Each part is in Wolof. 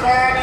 الخالق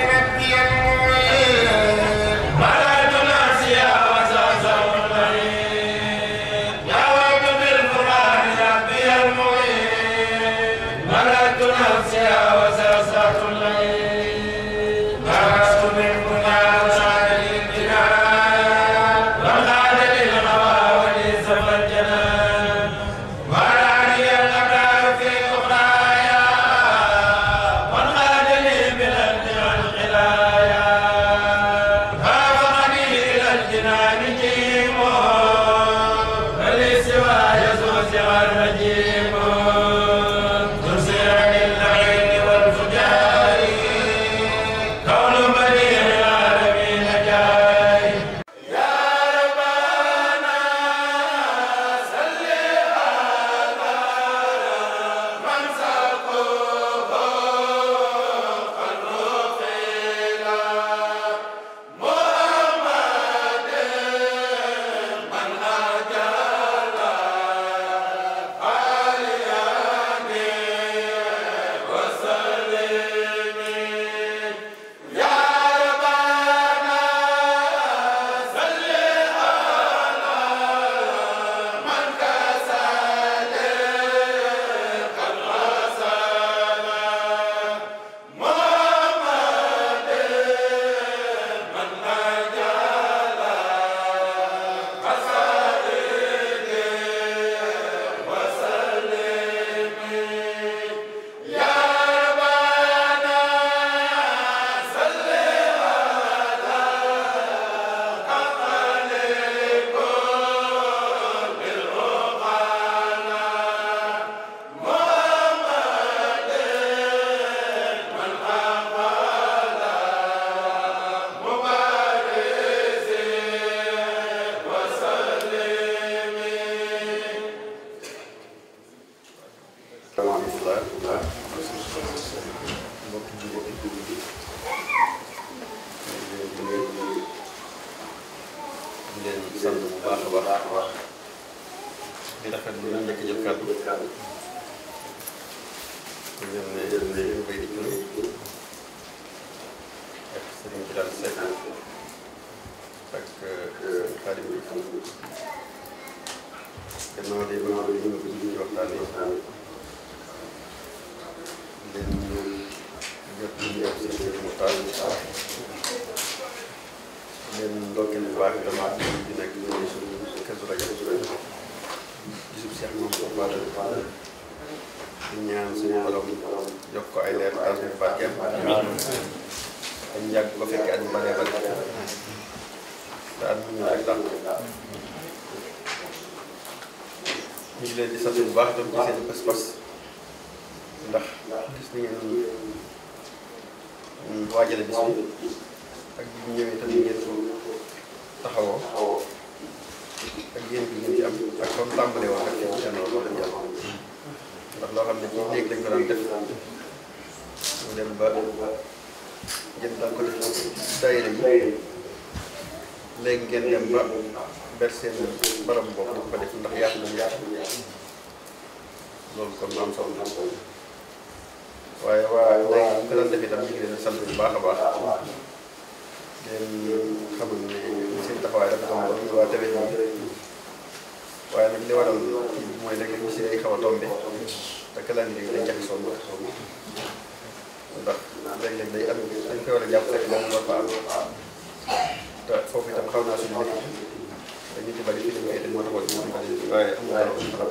waaye am na am na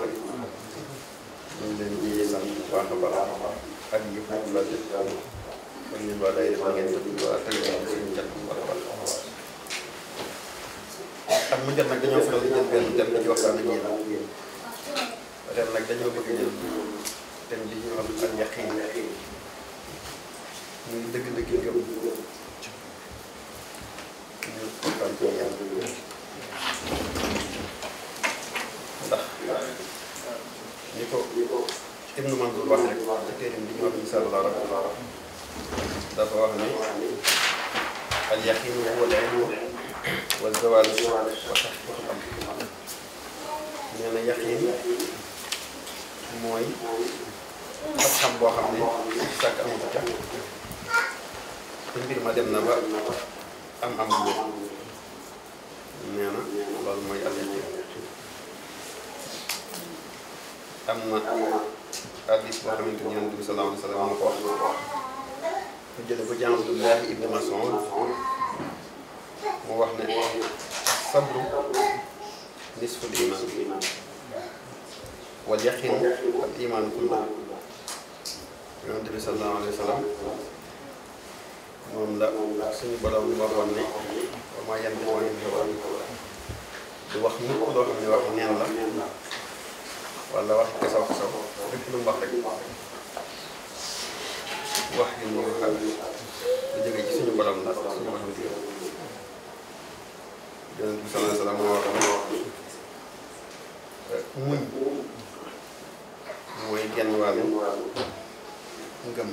bëri ñu ngi leen di sant bu baax a baax ak yëpp moom la def daal kon ñun waa day dafa ngeen di waa tëj nañu suñu jant bu baax a baax ak mu jot nag dañoo faral di jël benn dem dañuy waxtaan ak yéen ren nag dañoo bëgg jël dem bi ñu am ak ñax yi muy dëgg-dëgg yëpp ñu kontaan ci yàlla ibnu Mansour wax rek ci téeréem bi ñu wax insa allah rabbi dafa wax ne al yaqinu huwa al ilmu wa zawaal wa taxqiqu am nee na yaqin mooy xam-xam boo xam ne sàkk amatu ca te mbir ma dem na ba am am bu wér nee na loolu mooy al yaqin am na hadiis boo xamante ni Yonent bi sallallahu alayhi wa sallam moo ko wax mu jële ko ci Abdullah ibn Mas'ud mu wax ne sabru nisful iman wal yaqin al iman kullu Yonent bi sallallahu alayhi wa sallam moom la suñu borom waxoon ne wa maa yantiqu anil hawaa du wax mukk loo xam ne waxu neen la wala wax kasaw kasaw dëgg wax rek wax yi moom xam lu jóge ci suñu borom la suñu borom muñ mooy genn wàllu ngëm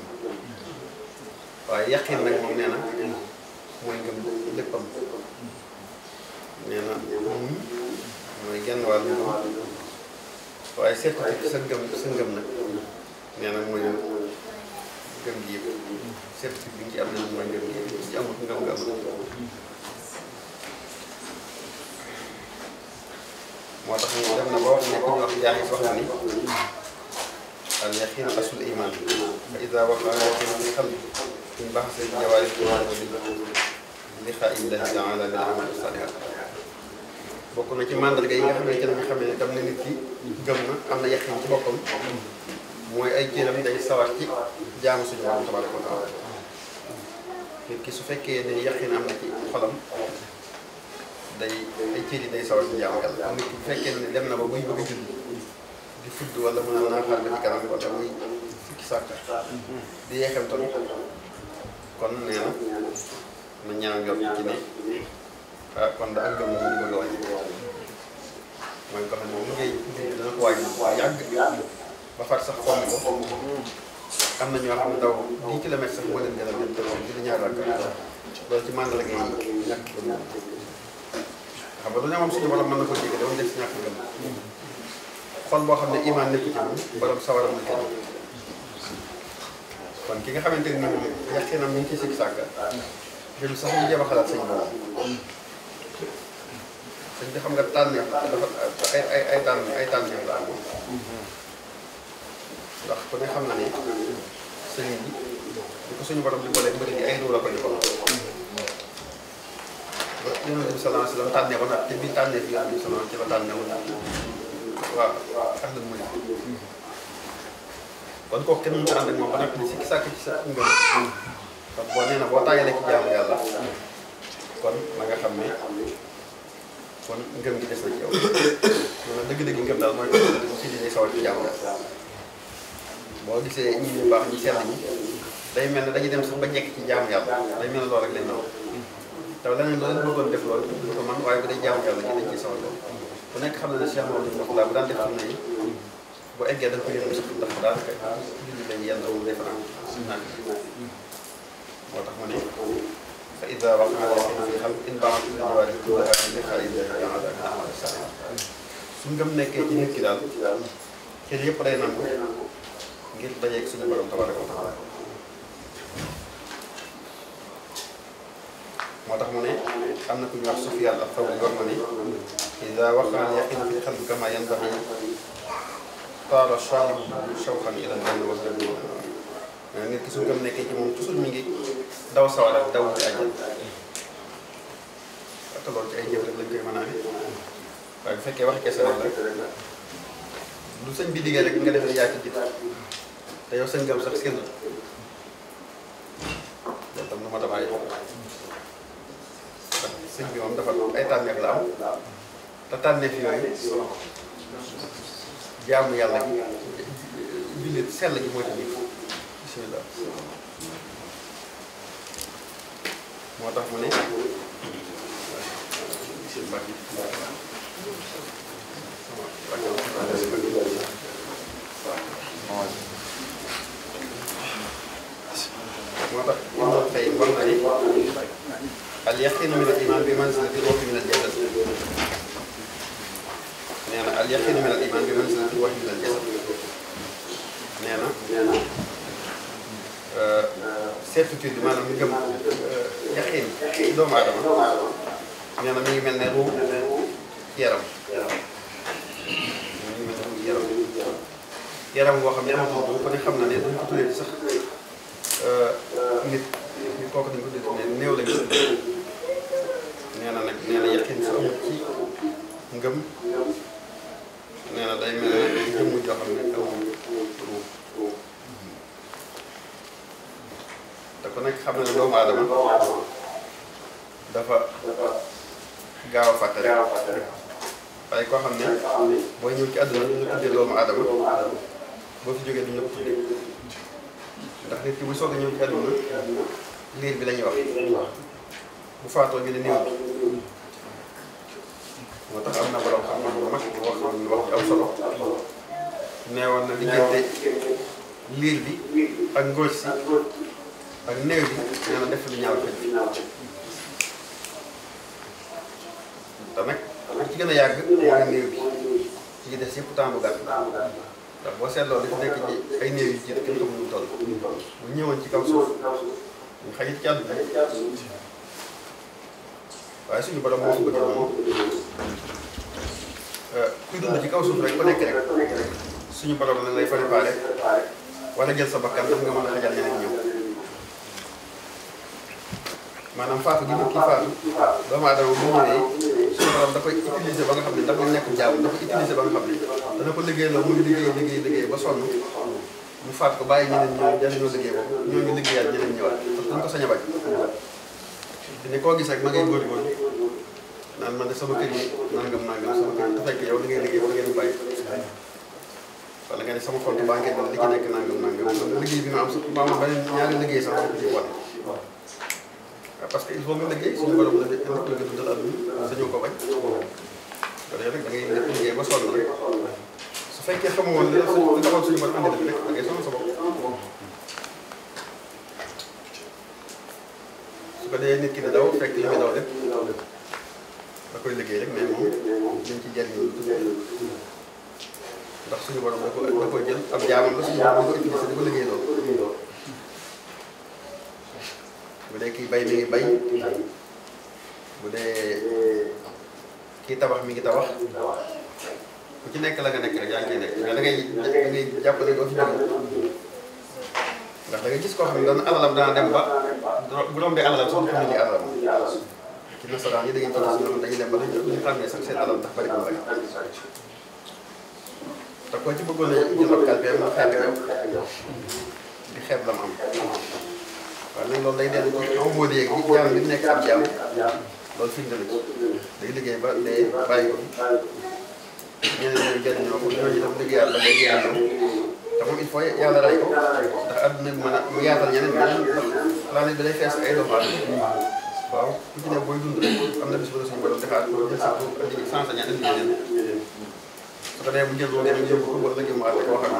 waaye yaqin mooy ngëm léppam nee na muñ mooy genn wàllu waaye seet ci sa ngëm sa ngëm nag nee na mooy ngëm gi yëpp seet ci bi nga ci am na mooy ngëm gi yëpp ci amut ngëm nga amut moo tax ñu dem na ba wax ne ku ñu wax jaayis wax na ni al yaqiin asul iman fa ida waqa al yaqiin fi xam min baxsa jawaari iman wa li liqaa illahi taala bil amal bokk na ci mandarga yi nga xam ne ci lañ xamee ne dam ne nit ki gëm na am na yaqin ci boppam mooy ay cëram day sawar ci jaamu suñu ki su fekkee ne yaqin am day ay cër yi day sawar ci nit bu fekkee ne dem na ba buy bëgg a julli di fudd wala mën naa xaar ba ci kanam wala muy fukki sàkka di yeexem tamit kon nee na ma ñaan yoon ci ne ah kon daa gëm moom bëgg a wàññi mooy ko xam ne moom liggéey dana ko wàññi yàgg ba far sax xomm ko am na ñoo xam ne daw 10 kilomètres sax moo leen gën a jëm te moom dina ñaar rakk loolu ci màndal ngay ñàkk ko moom xam nga du ne moom suñu borom mën na ko jege dama def si ñàkk gëm xol boo xam ne iman nekku ci moom borom sawaram na kenn kon ki nga xamante ni yàqinam ñu ngi ci sikk sàkk jëm sax ñu jéem a xalaat sëñ borom sëñ bi xam nga tànn dafa ay ay ay tànn ay tànn yëpp la amoon xam na ni sëñ di ko suñu borom di boole mbëri di ay ruu la ko di ko ba yonent bi sallallahu alayhi wa sallam tànnee ko nag te bi tànnee bi yonent bi sallallahu alayhi wa sallam nga xam ne kon ngëm gi des na ci yow maanaam dëgg-dëgg ngëm daal mooy ko si dine sawar ci jàmm boo gisee ñi ñu baax ñi sell ñi day mel ne dañuy dem sax ba jekk ci jaamu yàlla day mel ne loolu rek lañ naw te leneen loolu bëggoon def loolu duñ man waaye bu dee jaamu yàlla ci dañ ciy sawar loolu ku nekk xam na ne Cheikh Mamadou Moustapha bu daan def xam ne yi bu eggee daf ko yëngu sax ndax daanaka julli dañ yenn mu defaraat moo tax mu ne فإذا وقع الشيء في خلق انبعث الجوارح كلها من خارجها على أعمال الساعة su ngëm nekkee ci nit ki daal xel yëpp day nangu ngir dajeeg suñu borom tabaraka wa taala moo tax mu ne am na ku ñuy wax Sufyaan al-Thawri war ma ni إذا وقع اليقين في القلب كما ينبغي طار الشارب شوقا إلى الجنة والجنة nit ki su ngëm nekkee ci moom toujours mi ngi daw sawara daw wuti àjjana te loolu ci ay jëf lañ koy mën a amee waaye bu fekkee wax kese la lu sëñ bi diggee rek nga def ne yaa ci jiitu te yow sëñ gam sax seen la loolu tam nu ma damaay sëñ bi moom dafa ay tànneef la am te tànneef yooyu jaamu yàlla gi jullit sell la moo ci jiitu bismillah moo tax mu al yaqiinu min al iman bi manzilati ruuhi min al jasad nee al yaqiinu min al iman bi manzilati ruuhi min al jasad nee certitude maanaam ngëm euh, yaqiin ci doomu aadama nee na mi ngi mel ne ruu ci yaram mi ngi mel ne ruu ci yaram yaram boo xam ne amatul bu ko ne xam na ne dañ ko tuddee sax euh, nit nit kooku dañ ko tuddee ne néew la ñu nee na nag nee na yaqiin su amul ci ngëm nee na day mel ne ngëm joo xam ne nekk xam ne doomu aadama dafa gaaw a fàttali waaye koo xam ne booy ñëw ci àdduna duñ la tuddee doomu aadama boo fi jógee duñ la ko tuddee ndax nit ki bu soog a ñëw ci àdduna liir bi la ñuy wax bu faatoo ñu ne néew moo tax am na borom xam-xam bu mag wax wax ci am solo neewoon na diggante liir bi ak ngóoj si ak néew bi dana def lu ñaaw ci te nag li ci gën a yàgg mooy bi ci ci des yëpp temps bu gàtt ndax boo seetloo li fi nekk ci ay néew yu ci kenn ko mënul toll bu ñëwoon ci kaw suuf ñu xajit ci àdduna waaye suñu borom moo ko bëgg moom euh, kuy dund ci kaw suuf rek ku nekk rek suñu borom lañ lay préparé wala jël sa bakkan daf nga mën a xajal ñeneen ñëw maanaam faatu gi kii faatu doomu aadama bu ñëwee suñu borom da koy utiliser ba nga xam ne da koy nekk jaamu da koy utiliser ba nga xam ne dana ko liggéeyaloo muy liggéey liggéey liggéey ba sonn mu faat ko bàyyi ñeneen ñoo jëriñoo liggéey boobu ñoo ngi liggéeyaat ñeneen ñëwaat parce que dañ ko sañ a bañ ni koo gis rek ma ngay góorgóorlu naan man de sama kër yi nangam nangam sama kër yi te fekk yow li ngay liggéey ba ngeen bàyyi wala nga ne sama compte bancaire bi li ci nekk nangam nangam liggéey bi ma am sax ma am beneen ñaari liggéey sax ci wane Ah, parce que il faut nga liggéey suñu borom la de la dundal am sañoo ko bañ. loolu rek da ngay def rek su fekkee xamoo woon li la suñu li xamoon suñu borom andi def rek da ngay sonn sa bopp. ko dee nit ki di daw fekk li muy daw lépp da koy liggéey rek mais moom dañ ci jariñu ndax ko jël ab jaamam la suñu borom da ko utilisé di ko liggéey loolu. bu dee kii bay mi ngi bay bu dee kii tabax mi ngi tabax ku ci nekk la nga nekk rek yaa ngi ciy nekk mais da ngay da ngay jàppale doo fi jóg ndax da nga gis koo xam ne doon alalam dana dem ba bu rombee alalam sax xam ne lii alalam ci nasaraan yi da ngeen toll si ñoom dañuy dem ne sax seen alal ndax bari ko rek te koo ci bëggoon a jël ab mu xeeb di xeeb la mu am waaw léegi loolu day dellu ko xaw ma wóor yeeg yi ñaar bi nekk ab jaam loolu fi mu day liggéey ba day bàyyi ko ñeneen ñooy jëriñ ñoo ko ñooñu def dëgg yàlla day yaatal te moom il faut yàlla ray ko ndax adduna bi mën a mu yaatal ñeneen ñeneen planète bi day fees ay doomu aadama waaw ku ci ne booy dund rek am na bis bu la suñu borom defaat ko jël sa tur indi sans sañ indi ñeneen su ko defee bu jël loolu dem jëm ko wala jëm mu àtte koo xam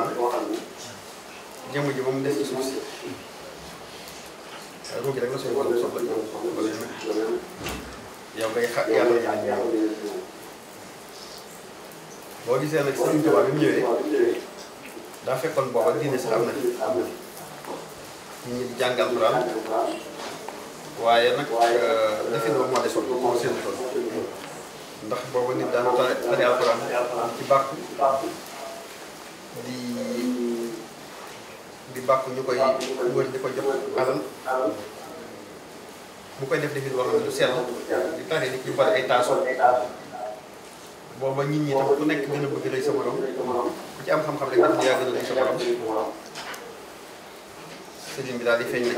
ne jëmm ji moom des ci suuf si waaye kooku rek la suñu borom soxla wala yow ngay xa yàlla ñaan ñaan boo daa fekkoon booba diine sax am na fi ñu ngi jàngal Alxuraan waaye nag defin ba moo desoon moo seen ndax booba nit daan tare tare Alxuraan ci di. di bàkk ñu koy wër di ko jox alal bu koy def defit boo xam ne du sell di tari di ci ay taaso booba nit ñi tam ku nekk gën a bëgg lay sa borom ku rek daf yaa a lay sa borom sëriñ bi daal di feeñ nag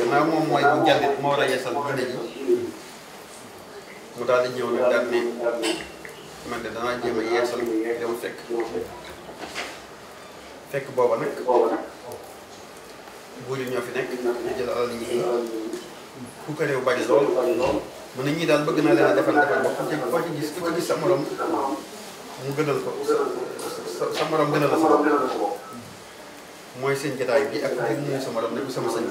gannaaw moom mooy a yeesal diine ji daal di ñëw nag daal ne man de danaa jéem a yeesal dama fekk fekk booba nag buur yi ñoo fi nekk ñu jël alal ñi ku ko bari lool mu ne ñii daal bëgg naa leen a defal defal boo ci boo ci gis ku gis sa morom ko sa sa morom mooy seen jotaay bi ak ne ko sama sëñ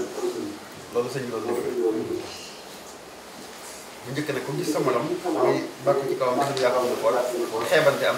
loolu sëñ loolu def bu njëkk nag ku gis sa morom muy bàkku ci kawam dafa yàqu mu xool xeebante am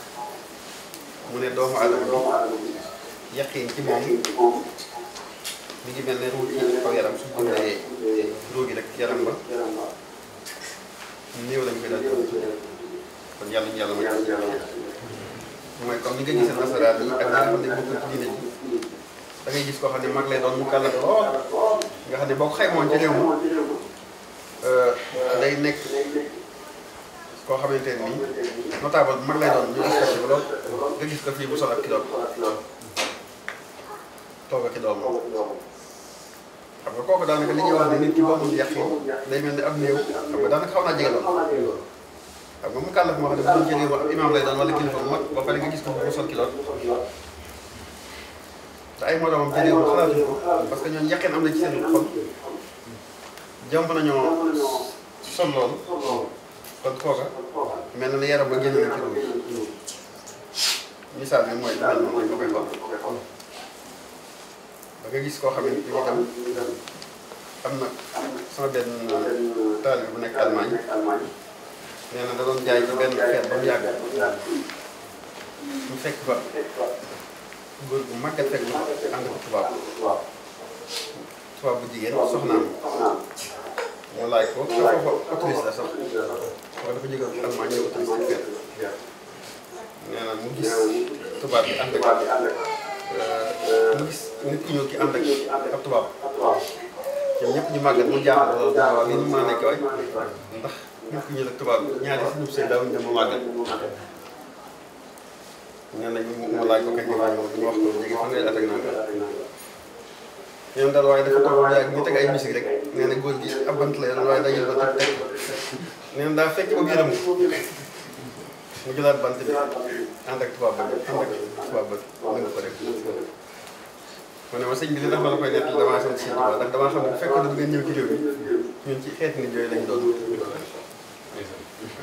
mu ne doomu aadama bi yaqin ci moom mi ngi mel ne ruuj ci kaw yaram su dundee ruuj gi rek yaram ba néew lañ koy kon yàlla ñu yàlla ma mooy comme ni nga gisee nasaraan yi ak ñi xam ne bokkul ci diine ji da gis koo xam ne mag lay doon mu kàllaf lool nga xam ne boo ko xaymoon ci réew mi euh, day nekk. koo xamante ne nii notable bu mag lay doon ñu gis ko ci lool nga gis ko bu sol ak ki toog ak ki doom kooku daanaka li ñuy wax ni nit ki boo xam ne am néew xam nga daanaka xaw naa jege lool xam nga mu kàllaf lay doon wala kilifa mag ba pare nga gis ko bu sol ki te ay moroomam jëlee wu xalaatuñu ko parce que ñoom yaqeen am na ci seen xol jomb nañoo sol loolu. kon kooka mel na ne yaram ba génn na ci ruuj misaal bi mooy mel noonu ñu koy xool ba gis koo xamante ni itam am na sama benn taalib bu nekk Allemagne nee na da doon jaay ci benn feet ba mu yàgg mu fekk ba góor bu màggat fekk ba ànd ko tubaab tubaab bu jigéen soxnaam mu laaj ko te foofa autorise la sax waaw dafa jóge Allemagne ñëw autorise fenn nee na mu gis tubaab bi ànd ak mu gis nit ku ñëw ki ànd ak ab tubaab ñoom ñëpp ñu màggat mu jaaxal loolu waaw lii ñu mën a nekk waay ndax nit ku ñëw ak tubaab bi ñaari si ñub seen daawuñu dem ba màggat nee na ñu mu laaj ko kañ ñu wax ko jege fanweeri at ak yoon daal waaye dafa toog ba yàgg ñu teg ay musique rek nee na góor gi ab bant la yoon waaye dajul ba teg nee na daa fekk ba biiram mu jëlaat bant bi ànd ak tubaab ba ànd ak tubaab ba dëgg ko rek. ma ne ma sëñ bi li tax ma la koy nettali damaa sant sëñ Tuubaa ndax damaa xam ne bu fekkoon du ngeen ñëw ci réew mi ñun ci xeeti nit yooyu lañ doon.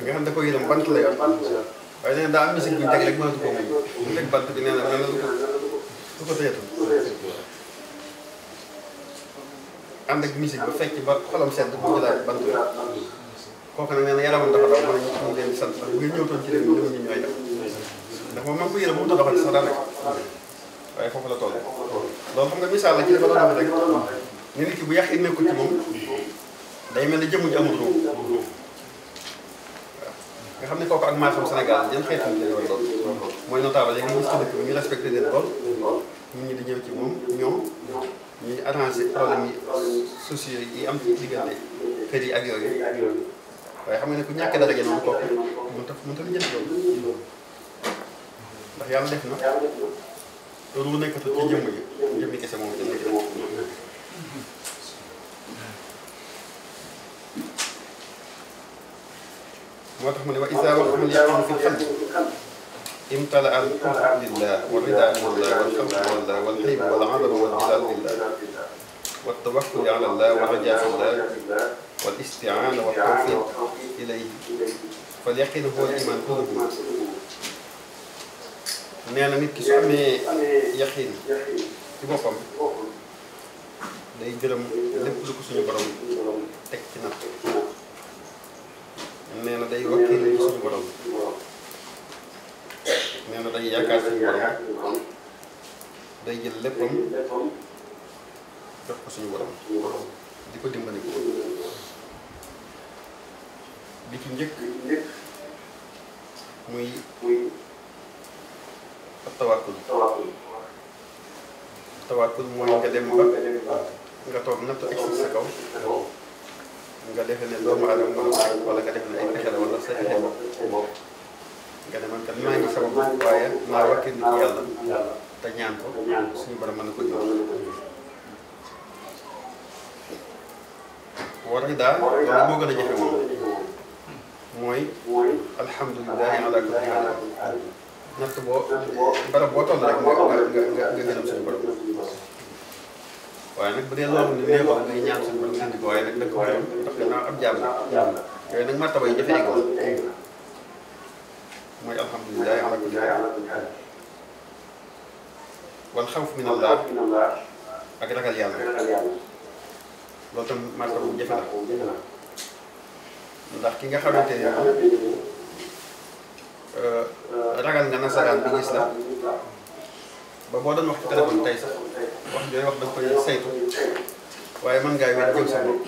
nga xam da ko yërëm bant la yor waaye nee na daa am musique bu ñu teg rek mënatu ko mu teg bant bi nee na nee na du ko du ko tëjatu. ànd ak musique ba fecc ba xolam sedd bu ñu daal bant kooku nag nee na yaramam dafa daw mën nañu leen di a waaye foofu la toll loolu xam nga misaal la ci dafa doon wax ci moom day mel ne jëmm ji amul xam ne kooku ak maasam Sénégal yan xeetu lañu war lool mooy notable yi gis ci dëkk moom ñoom ñuy arrangé problème yi sociaux yi am ci diggante kër yi ak yooyu waaye xam nga ne ku ñàkk dara noonu kooku mënut a mënut a njëkk loolu ndax yàlla def na loolu nekkatul ci jëmm yi jëmmi kese moom ci nekk moo tax mu ne wa isa waxamul yàqoon fi xam امتلأ الحب لله والرضا من الله والخوف من الله والحب والعظم والجلال لله والتوكل على الله والرجاء في الله والاستعانة والتوفيق إليه فاليقين هو الإيمان كله nee na nit ki su amee yaqiin ci boppam day gërëm lépp lu ko suñu borom teg ci natt nee na day wakiil ci suñu borom. day yaakaar suñu borom day jël léppam suñu borom ci njëkk muy ab tawakkul tawakkul mooy nga dem ba nga toog natt ak sa kaw nga defe ne doomu aadama wala nga defe ne ay pexe la wala sa pexe bopp nga ne man kat maa ngi sama bopp waaye maa wakkil ñaan ko suñu borom mën na ko jël war yi daal loolu moo gën a jafe moom mooy alhamdulilahi ala kulli haal natt boo barab boo toll rek nga nga nga nga gënam suñu borom waaye nag bu dee loolu nag dëkk waaye yi jafe ko mooy alhamdulilah ala kulli haal wal xawf min allah ak ragal yàlla loolu tam martaba bu jafe ndax ki nga xamante ne euh, euh, ragal nga nasaraan bi gis la ba boo doon wax ci téléphone tey sax wax jooy wax da nga koy saytu waaye mën ngaa wér jëm sa bopp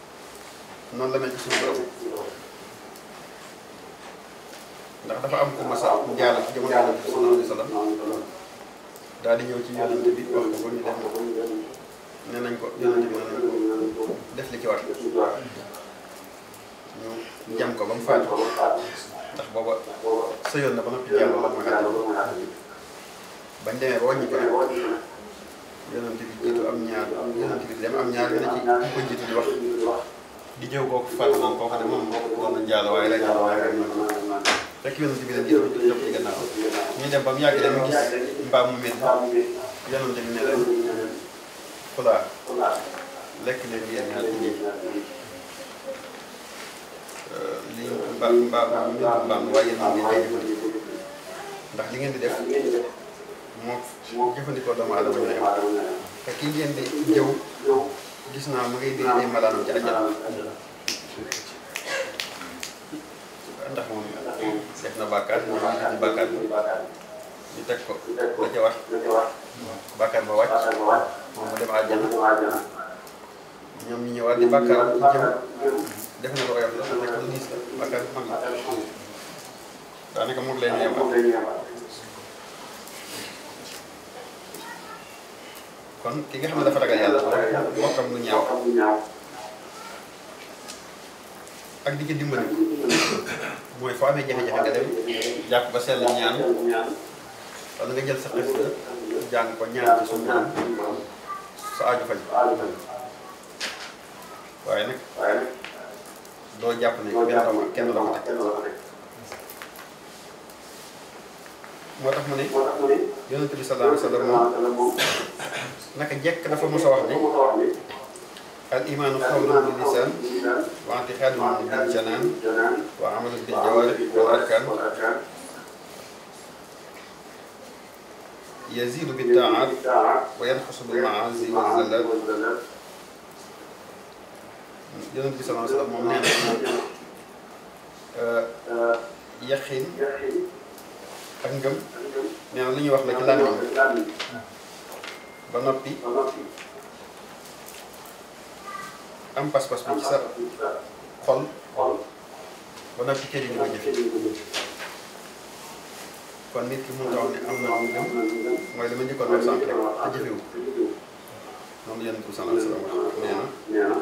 noonu la mel ci suñu borom ndax dafa am ku masa jaala ci jamono yàlla bi sallallahu alayhi wa sallam daal di ñëw ci yonante ne nañ ko yonante bi ne nañ ko def li ci war ñu jam ko ba mu faatu ndax booba sëyoon na ba noppi jam ko mooy àtte bañ demee ba wàññi ko yonante bi jiitu am ñaar yonante bi dem am ñaar ñu ne ci ko jiitu di wax di jëw kooku fàtte naan koo xam ne moom war nañ jaalo waaye lay jaalo waaye lay jaalo rek yonent bi lañ gis ñu topp ci gannaaw ñu dem ba mu yàgg dañu gis mbaam mu mel yonent bi ne leen xulaa lekk leen yéen ñaar ci lii lii mbaam mbaam mbaam mbaam waaye yéen ngeen ndax li ngeen di def moo jëfandikoo doomu aadama ñooy jëw gis naa ma ngay dégg ay malaanam ci àjjana ndax moom def na bàkkaar moom def na bàkkaar ko la ca wax bàkkaar ba wàcc moom mu dem àjjana ñoom ñu ñëwaat di bàkkaar ñu jëm def na ko oyof la fekk lu gis la bàkkaar bu xam ne daanaka moom kon ki nga xam ne dafa ragal yàlla mbokkam lu ñaaw ak di ci dimbali mooy foo amee jafe-jafe nga dem jàpp ba sell ñaan wala nga jël sa xasida jàng ko ñaan ci suñu borom sa aaju faj waaye nag doo jàpp ne benn dama kenn la ko teg moo tax mu ne yonent bi sallallahu alayhi wa sallam moom naka njëkk dafa mos a wax ni al imaanu qawlun bil lisaan wa i'tiqaadun bil janaan wa amalun bil jawaarih wal arkaan yaziidu bit taaat wa yanqusu bil maasi wa zallaat yonent bi sallallahu alayhi wa sallam moom nee na uh, yaqin ak ngëm nee li lu ñuy wax la ci làmmiñ ba noppi am pas-pas bi ci sa xol ba noppi cër yi di kon nit ki mënut a wax ne am na lu ñu mooy li ma njëkkoon wax sànq moom yonent bi sallallahu alayhi wa sallam wax nee na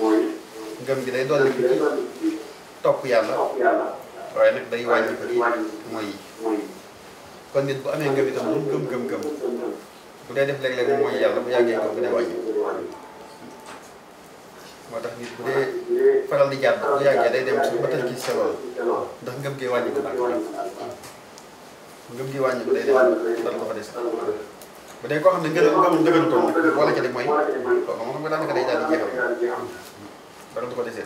mooy ngëm gi day dolli ko topp yàlla waaye nag day wàññi ko mooy yi kon nit bu amee ngëm itam lu gëm gëm bu dee def léeg lekk mooy yàlla bu yàggee ko bu dee wàññi moo tax bu dee faral di jàdd bu yàggee day dem ci solo ndax ngëm gi wàññi ko ngëm gi wàññi ko day dem dal ko fa des bu dee koo xam ne ngën ngëm dëgën ko wala ca di mooy kooku moom xam nga daanaka day daal di jeexal dara du ko desee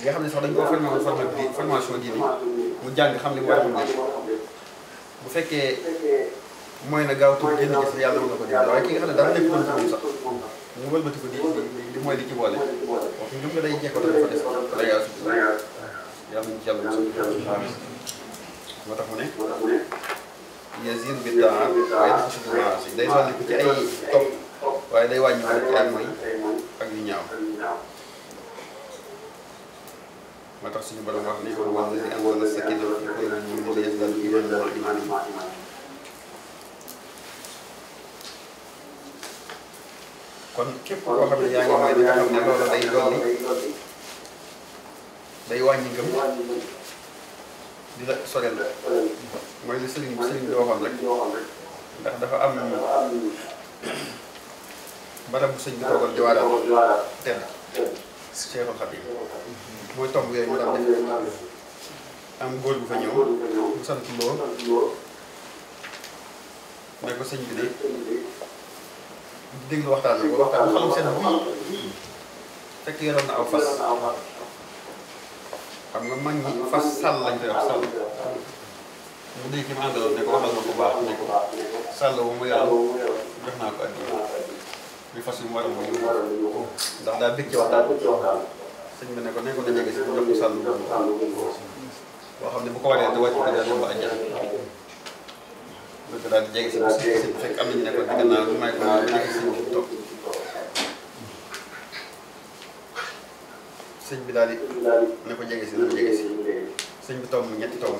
nga xam ne sax dañ koo formé woon formation diine mu jàng xam li mu war a dundee bu fekkee mooy na gaaw tur génn gis yàlla mën na ko déglu di di mooy di ci boole wax njëm nga day jeexal dafa des la yàlla suuf yàlla nañu ci yàlla moo tax mu ne. yasiir bi daa waaye dafa suuf day wàññi ko ci ay waaye day wàññi mooy ak yu ñaaw. moo tax suñu borom wax ni wax na ni amoon na sa kii dafa ko naan ñu ngi leen dal ñu leen wal iman kon képp di nga xam ne loolu day day wàññi ngëm di la sorel mooy li sëriñ sëriñ bi waxoon rek ndax dafa am barab bu sëñ bi toogal di waaraat tedd Seexul Xadim mooy tomb yooyu mu daan def am góor bu fa ñëw mu sant loo ne ko sëñ bi de déglu waxtaan bi ko waxtaan xalam seen buy fekk yoroon na aw fas xam nga mag ñi fas sàll lañ koy wax sàll mu dégg ki ma àndaloon ne ko waxal ma ko baax ne ko sàll bu mu yaram jox naa ko addi bi fas yu mu war a mu ndax daa bëgg ci waxtaan sëñ bi ne ko ne ko demee gis nga ko sàll boo xam ne bu ko waree da wàcc ko daal dem ba àjjana loolu daal di jege si bu si bu fekk am nañu ne ko digg naa lu may ko naan ba nekk si bu toog sëñ bi daal di ne ko jege si ne ko jege si sëñ bi tomb ñetti tomb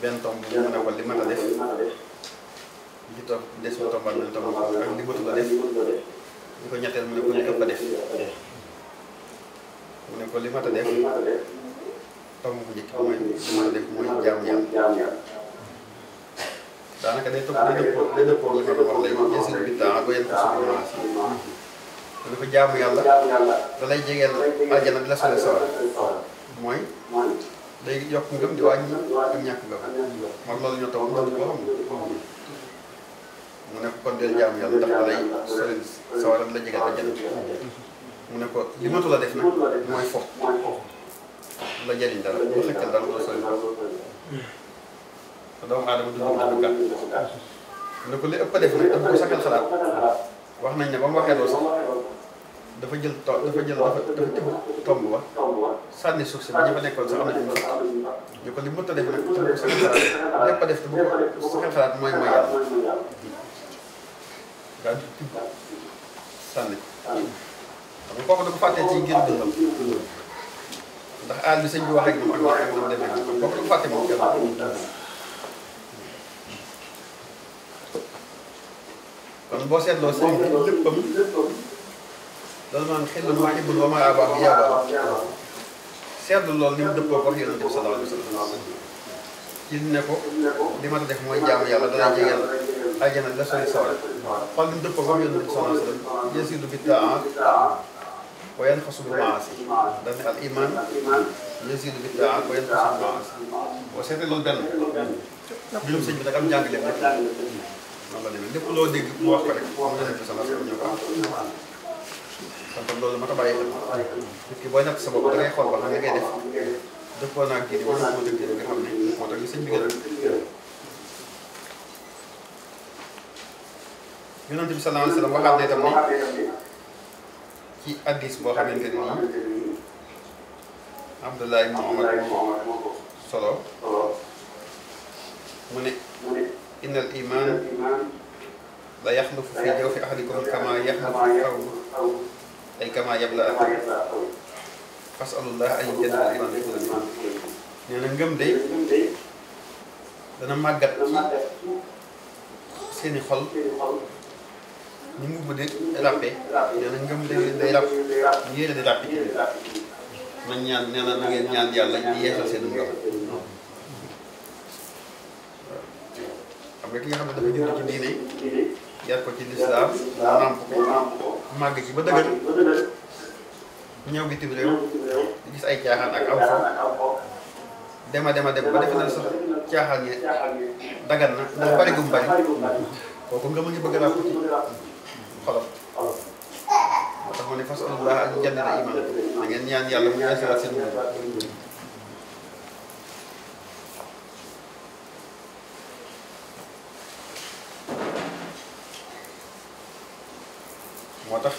benn tomb mu ne ko li mën a def li toog des mu tombal benn tomb ak li mënut a def li ko ñetteel mu ne ko li ëpp a def. mu ne ko li mat a def tomb bu njëkk mooy li mat a def mooy jaamu yàlla daanaka day topp day dëppoo day dëppoo li ma doon wax léegi moom yéen seen bitaa ak yéen ko suñu maas yi mu ne ko jaamu yàlla la sore mooy day yokk ngëm di ñàkk ngëm moom loolu ñoo taw loolu boo xam mu ne ko kon del jaamu yàlla ndax da lay sore sawar la jegeel aljana mu ne ko li matul a def nag mooy fo la jëriñ dara bu xëccal dara bu la sori te doomu aadama dundam dafa gàtt mu ne ko li ëpp a def nag dafa ko sakkal xalaat wax nañ ne ba mu waxee loolu sax dafa jël to dafa jël dafa dafa tëb tomb ba sànni suuf si ba ñu fa nekkoon sax am na ñu mën ñu ko li mënut a def nag te bu sakkal xalaat lépp a def te bu ko sakkal xalaat mooy mooy yàlla daal di tibb sànni ko xam nga kooku da ko fàttee ci ngir dundam ndax aal bi sëñ bi wax ak moom ak wax ak moom demee kooku da ko fàtte moom kenn kon boo seetloo sëñ bi léppam dana naan xel lu wax ibul wama abaa bi yaabaa seetlu loolu ni mu dëppoo ko wax yonente bi sallallahu alayhi wa sallam ci ne ko li ma def mooy jaamu yàlla dana jegeel ajjana la sori sawar xool ni mu dëppoo ko wax yonente bi sallallahu alayhi wa sallam yasiru bi taa وينقص بالمعاصي دم الإيمان يزيد بالطاعات وينقص بالمعاصي boo seetee loolu benn mbirum sëñ bi nag am jàngale rek noonu la demee lépp loo dégg mu wax ko rek moom la nekk sa las ñoo ko am kon loolu mat a bàyyi xel nit ki booy natt sa bopp da ngay xool ba xam ne ngay def dëppoo naa kii di wala moo dëgg nga xam ne moo tax li sëñ bi gën a Yonent bi sallallahu alayhi wa sallam waxaat ne tam ne ci addis boo xamante ni Abdullah ibn Umar solo mu ne inna al iman la yaxlufu fi jawfi ahadikum kama yaxlufu aw ay kama yabla ak fasalullah ay jënd al iman nee na ngëm day dana màggat ci seeni xol ni mbubb de ràppe nee na ngëm de day ràpp yéene di ràpp nañ ñaan nee na na ngeen ñaan yàlla di yeesal seen ngëm xam nga ki nga xam ne dafa jënd ci diine yar ko ci lislaam nàmp ko màgg ci ba dëgër ñëw bi tim réew di gis ay caaxaan ak aw fo dema dema dem ba defe na sax caaxaan yi dagan na ndax bari gum bari kooku nga ma ngi bëgg laa ko ci fas'alullaaha an jannata iman da ngeen ñaan yàlla mu yeesalaat seen mën moo tax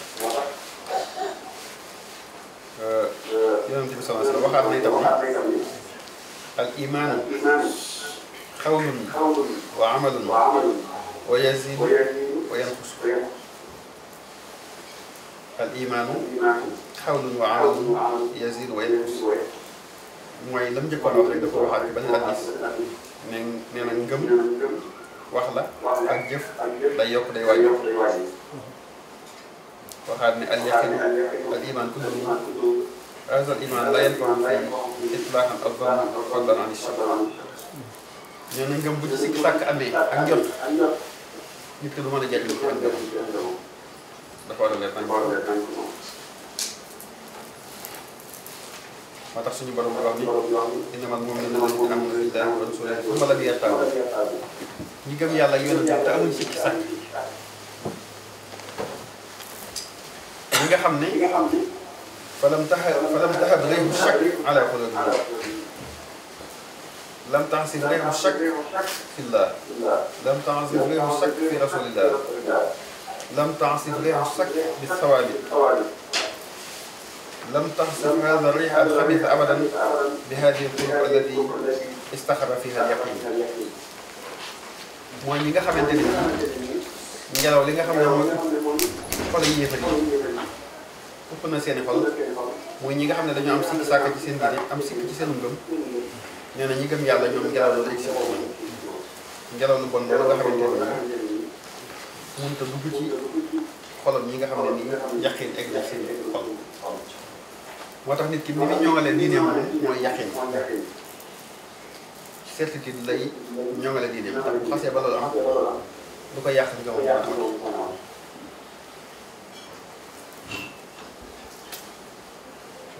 euh, yonent bi sallallahu alayhi wa sallam waxaat na itam ni al imaanu qawlun wa amalun wa yaziidu wa yanqusu al imaanu xawlun wa amalun yazid wa yanqus mooy lam njëkkoon wax rek dafa waxaat ci benn hadis ne nee na ngëm wax la ak jëf day yokk day wàññi waxaat ne al yaqin al iman kullu هذا الإيمان لا ينفع في إطلاقا الظن فضلا عن الشك nee na ngëm bu ci sikk sàkk amee ak njot nit ki du mën a jariñu ak njot dafa war a leer nañ ko moom. moo tax suñu borom wax ni innamal mu'minuuna allaziina aamanu billaahi wa rasuulihi summa lam yartaabuu ñi gëm yàlla ak yonent bi te amuñ sikki sàkk ñi nga xam ne falam taxa falam taxab raybu shakk alaa quluubihim lam taxsif raybu shakk fi llaah lam taxsif raybu shakk fi rasuulillah لم تعصف ريح الشك بالثوابت لم تحصف هذا الريح الخبيث أبدا بهذه الطرق التي استخر فيها اليقين mooy ñi nga xamante ni ngelaw li nga xam ne mooy xol yi yéefar yi ëpp na seen i xol mooy ñi nga xam ne dañoo am sikk sàkk ci seen diine am sikk ci seen ngëm nee na ñi gëm yàlla ñoom ngelaw lu egg si ngelaw lu bon loolu nga xamante ni mënut a dugg ci xolam yi nga xam ne nii yaqin egg na seen moo tax nit ki ni muy ñoŋalee diine moom mooy yaqin certitude lay ñoŋalee diine moom ndax bu xasee ba loolu am du ko yàq nga moom moo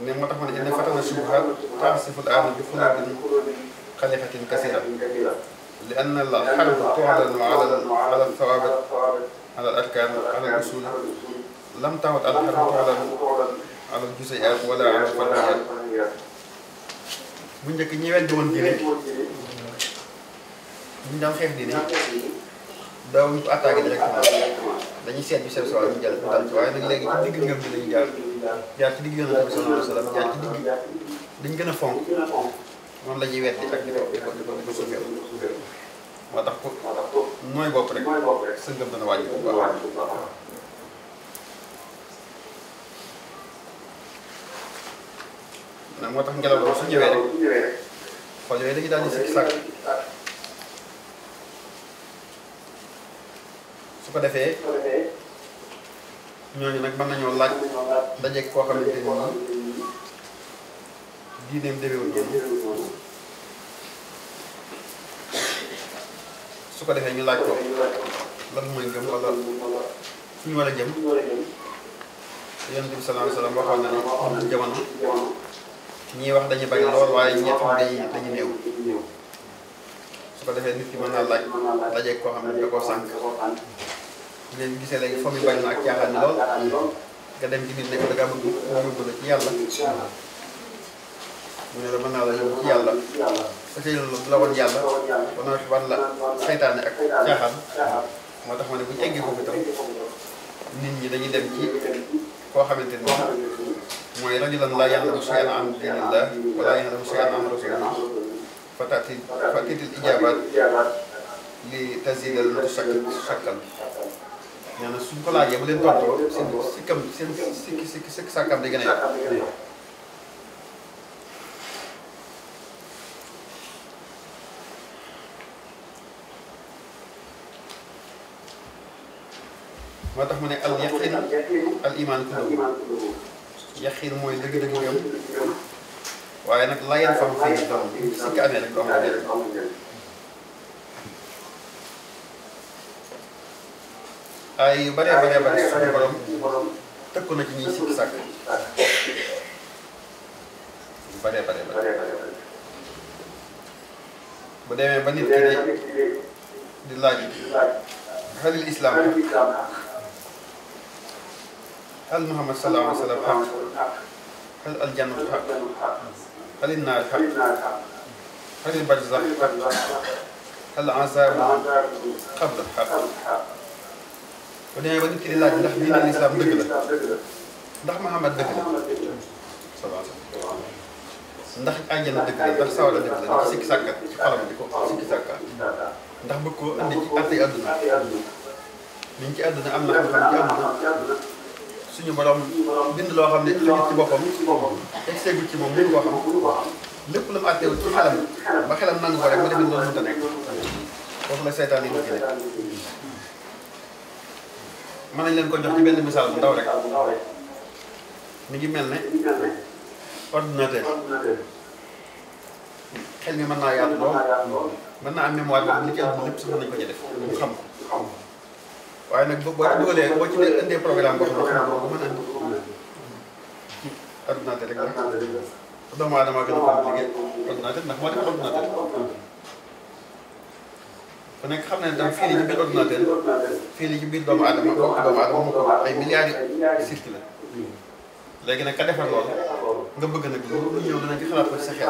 ne moo tax ma ne inna fatana subuha لأن الحرب تعلن على على الثوابت على الأركان على الأصول لم تعد الحرب تعلن على الجزيئات ولا على الفرعيات bu njëkk ñi weddi woon diine ñu daan xeex diine daawuñu ko attaqué directement dañuy seet bi sew sawal ñu jël dal ci waaye nag léegi ci digg ngëm bi lañu jaar jaar ci digg yonent bi sallallahu alayhi wa sallam jaar ci digg dañ gën a fonk noonu la ñuy weddi ak di ko di ko di ko di ko sëngal ko nooy bopp rek sëngam dana wàññi bu baax moo tax ngelaw la su ñëwee rek xool yooyu dañuy daal di sikki su ko defee ñooñu nag mën nañoo laaj dajeeg koo xamante ni diineem demewul noonu su ko defee ñu laaj ko lan mooy ngëm wala fu ñu war a jëm yonent bi sallallahu alayhi wasallam waxoon na ne am na jamono ñii wax dañu bari lool waaye ñett dañuy dañuy néew su ko defee nit ki mën a laaj dajeeg koo xam ne da koo sànq leen gisee léegi foofu yu bari na ak caaxaan lool nga dem ci biir nekk da ngaa bëgg yóbbu la ci yàlla mu ne la mën naa la yóbbu yàlla ëtëy la woon yàlla ba nawet war la saytaane ak caaxaan moo tax ma ne bu ñu eggee foofu itam nit ñi dañuy dem ci koo xamante ni mooy rajulan laa ya'lamu shay'an an diinillah wa laa ya'lamu shay'an an rasulillah fa ta'ti fa ta'ti al li tazida al-mushakkal nee na suñ ko laajee bu leen tontoo seen sikkam seen sikki sikki sikki sàkkam day gën a yàq moo tax mu ne al yaqin al iman kulluhu yaqin mooy dëgg-dëgg gëm waaye nag layan fam fii doom sikk amee rek du am njëriñ ay yu bëree bëree bëri suñu borom tëkku na ci ñuy sikk sàkk yu bëree bëree bëri bu demee ba nit ki di laaj xalil islam هل محمد صلى الله عليه وسلم حق هل الجنة حق هل النار حق هل البرزخ حق هل عذاب قبل الحق ودي ba nit ki di laaj ndax diine lislaam dëgg la ndax Muhammad dëgg la ndax àjjana dëgg la ndax sawara dëgg la ndax sikki sàkka ci xolam di ko sikki sàkka ndax bëgg koo indi ci àttey àdduna liñ ci àdduna am na xam-xam ci àdduna suñu borom bind loo xam ne xajul ci boppam egseegul ci moom mënu koo lépp lu mu àtteewul ci ko rek mu demee noonu mu jëlee nañ leen ko jox ci benn misaal bu ndaw rek mi ngi mel ne ordinateur xel mi mën naa yaatu lool mën naa am mémoire boobu ci am ko ci def xam waaye nag boo boo ci dugalee boo ci indee programme boo xam ne ko mën a indi. ordinateur rek la doomu aadama gën a compliqué ordinateur ndax moo def ordinateur. ku nekk xam na ne tam fii nii ci biir ordinateur fii nii ci biir doomu aadama bokk doomu aadama moo ko ay milliards yi circulé léegi nag ka defar loolu nga bëgg nag lu ñëw dana ci xalaat ko ci sa xel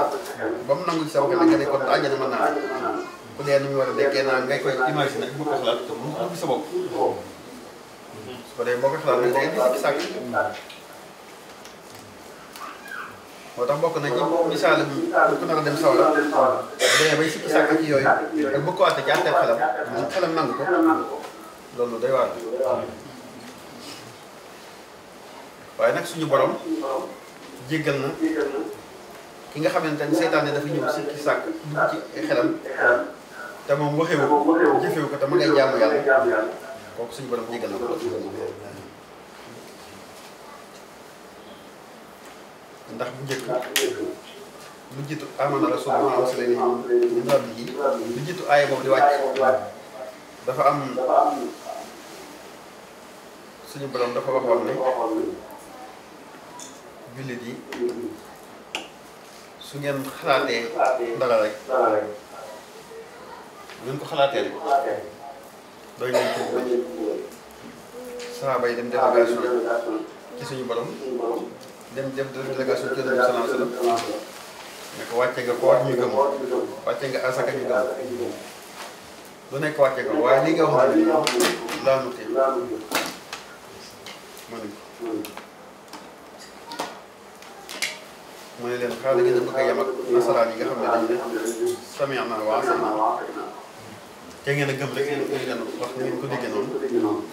ba mu nangu ci sa wax nga ne ko àjjana mën naa ku dee nu ñu war a nekkee naan ngay koy imaginer bu ko xalaat te mu ko sa bopp. su ko dee boo ko xalaat nag da ngeen di sànq. moo tax bokk nañ ñi misaalam ku nar a dem sawla dee bay sikki sàkk ci yooyu ak bëgg ko àtte ci àtteeb xelam moom xelam nangu ko loolu day waar waaye nag suñu borom jéggal na ki nga xamante ne seytaane dafa ñëw sikki sàkk dugg ci xelam te moom waxewu ko ko te ma ngay jaamu yàlla kooku suñu borom jégal na ko ndax bu njëkk lu jiitu amana rasulullah wa sallam min rabbihi lu jiitu aaya dafa am suñu borom dafa yi su ngeen xalaatee dara rek luñ ko xalaatee rek doy nañ ci mbugal sahaaba yi dem délégation ci suñu borom dem def délégation ci Yonent bi sallallahu alayhi wa sallam ne ko wàcce nga koor ñu gëm wàcce nga asaka ñu gëm lu nekk wàcce nga waaye li nga wax ne laa nu téye mënuñ mu ne leen xaaral gi ne bëgg a yem ak nasaraan yi nga xam ne dañ ne sami'na wa asa'na te ngeen a gëm rek ngeen wax ngeen ko déggee noonu.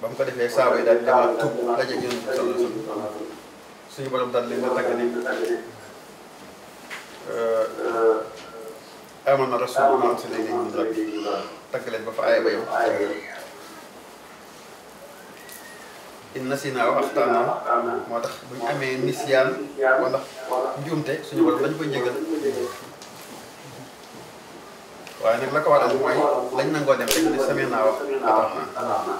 ba mu ko defee saaba yi daal di demaat tuub daje ak yonent bi sallallahu alayhi wa suñu borom daal leen di tàgg euh, ba fa aaya ba yow. in nasina wa axtaana moo tax bu ñu amee nisyaan wala njuumte suñu borom dañu koy jégal. waaye nag la ko waral mooy lañ nangoo def rek ne semaine naa wax atax naa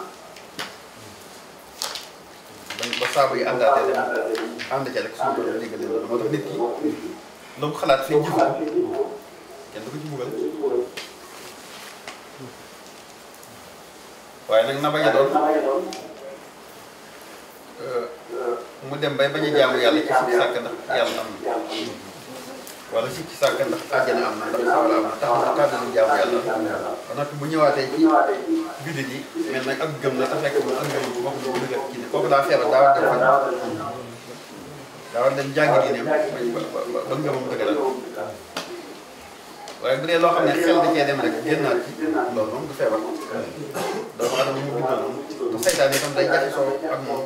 ba saabu yi àndaatee dem nit ki lu xalaat fee jëf kenn du ko ci mbugal waaye nag na bañ a doon euh, mu dem bay bañ a jaamu yàlla ci suñu sàkk ndax yàlla am na wala si ci sàkk ndax àjjana am na ndax sawara am na tax na tànn jaamu yàlla ba noppi bu ñëwaatee ci guddi gi mel nag ak gëm la te fekk moom ak gëm bu bokk bu dëgër ci ne kooku daa daa war dem faj daa war dem jàngi diineem ba ba da cee dem rek génnaat ci loolu mu dundal moom te saytaan itam day ak moom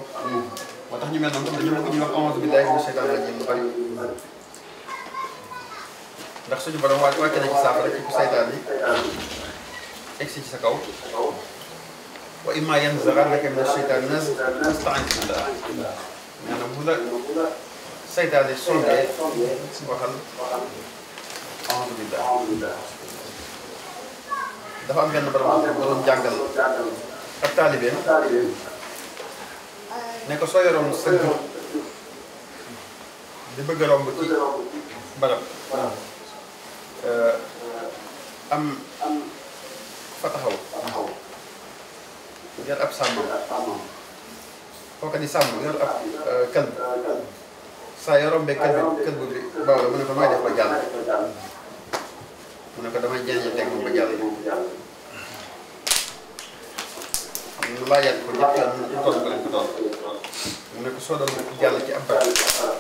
moo tax ñu mel noonu dañu bëgg ñu wax onze bi day mu saytaan la jëm bari ndax suñu borom waa wàcce na ci saafara ci saytaan yi egsi ci sa kaw wa imma yanzaghannaka mina shaytaani nazghun fasta'idh billah maanaam bu la saytaane sondee waxal dafa am benn borom bu jàngal ak taalibeem ne ko soo di bëgg romb ci barab Euh, am fa taxaw yar ab sàmm kooka di sàmm yar ab euh, kël saa yoo rombee kël bi kël bi mu ne ko may def ba jàll mu ne ko damay jeeñee teg mu ko ñett mu tontu ko leen ko tontu mu ne ko soo doon jàll ci ab barab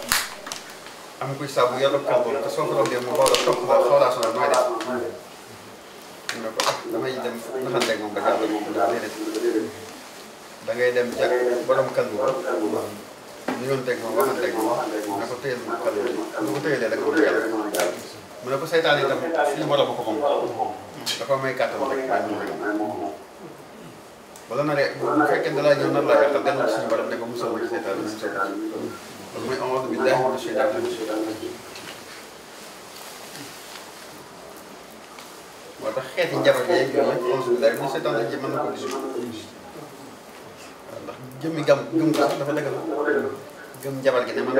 am kuy saabu yàlla bu ko te soo ko doon dee mu boole topp ba xaw laa sonal mooy def mu ne ko ah damay dem naxanteeg moom rek yàlla moom daal déedéet da ngay dem ca borom kalbu ba nuyonteeg moom waxanteeg moom ne ko téyel moom kalbu bi ko téyelee rek moom yàlla mu ne ko saytaan itam suñu borom a ko moom dafa may kàttan rek waaye moom wala naree bu fekkee da laa ñëw nar laa yàqal dellu suñu borom ne ko musal ma ci saytaan musal ma ci kon mooy awoosu billaahi mina sheytaani moo tax xeeti njaboot yeeg yooyu nag awoosu billaahi mina sheytaani rajiim mën na ko gis. waaw ndax jëmmi gam gëm ne mën na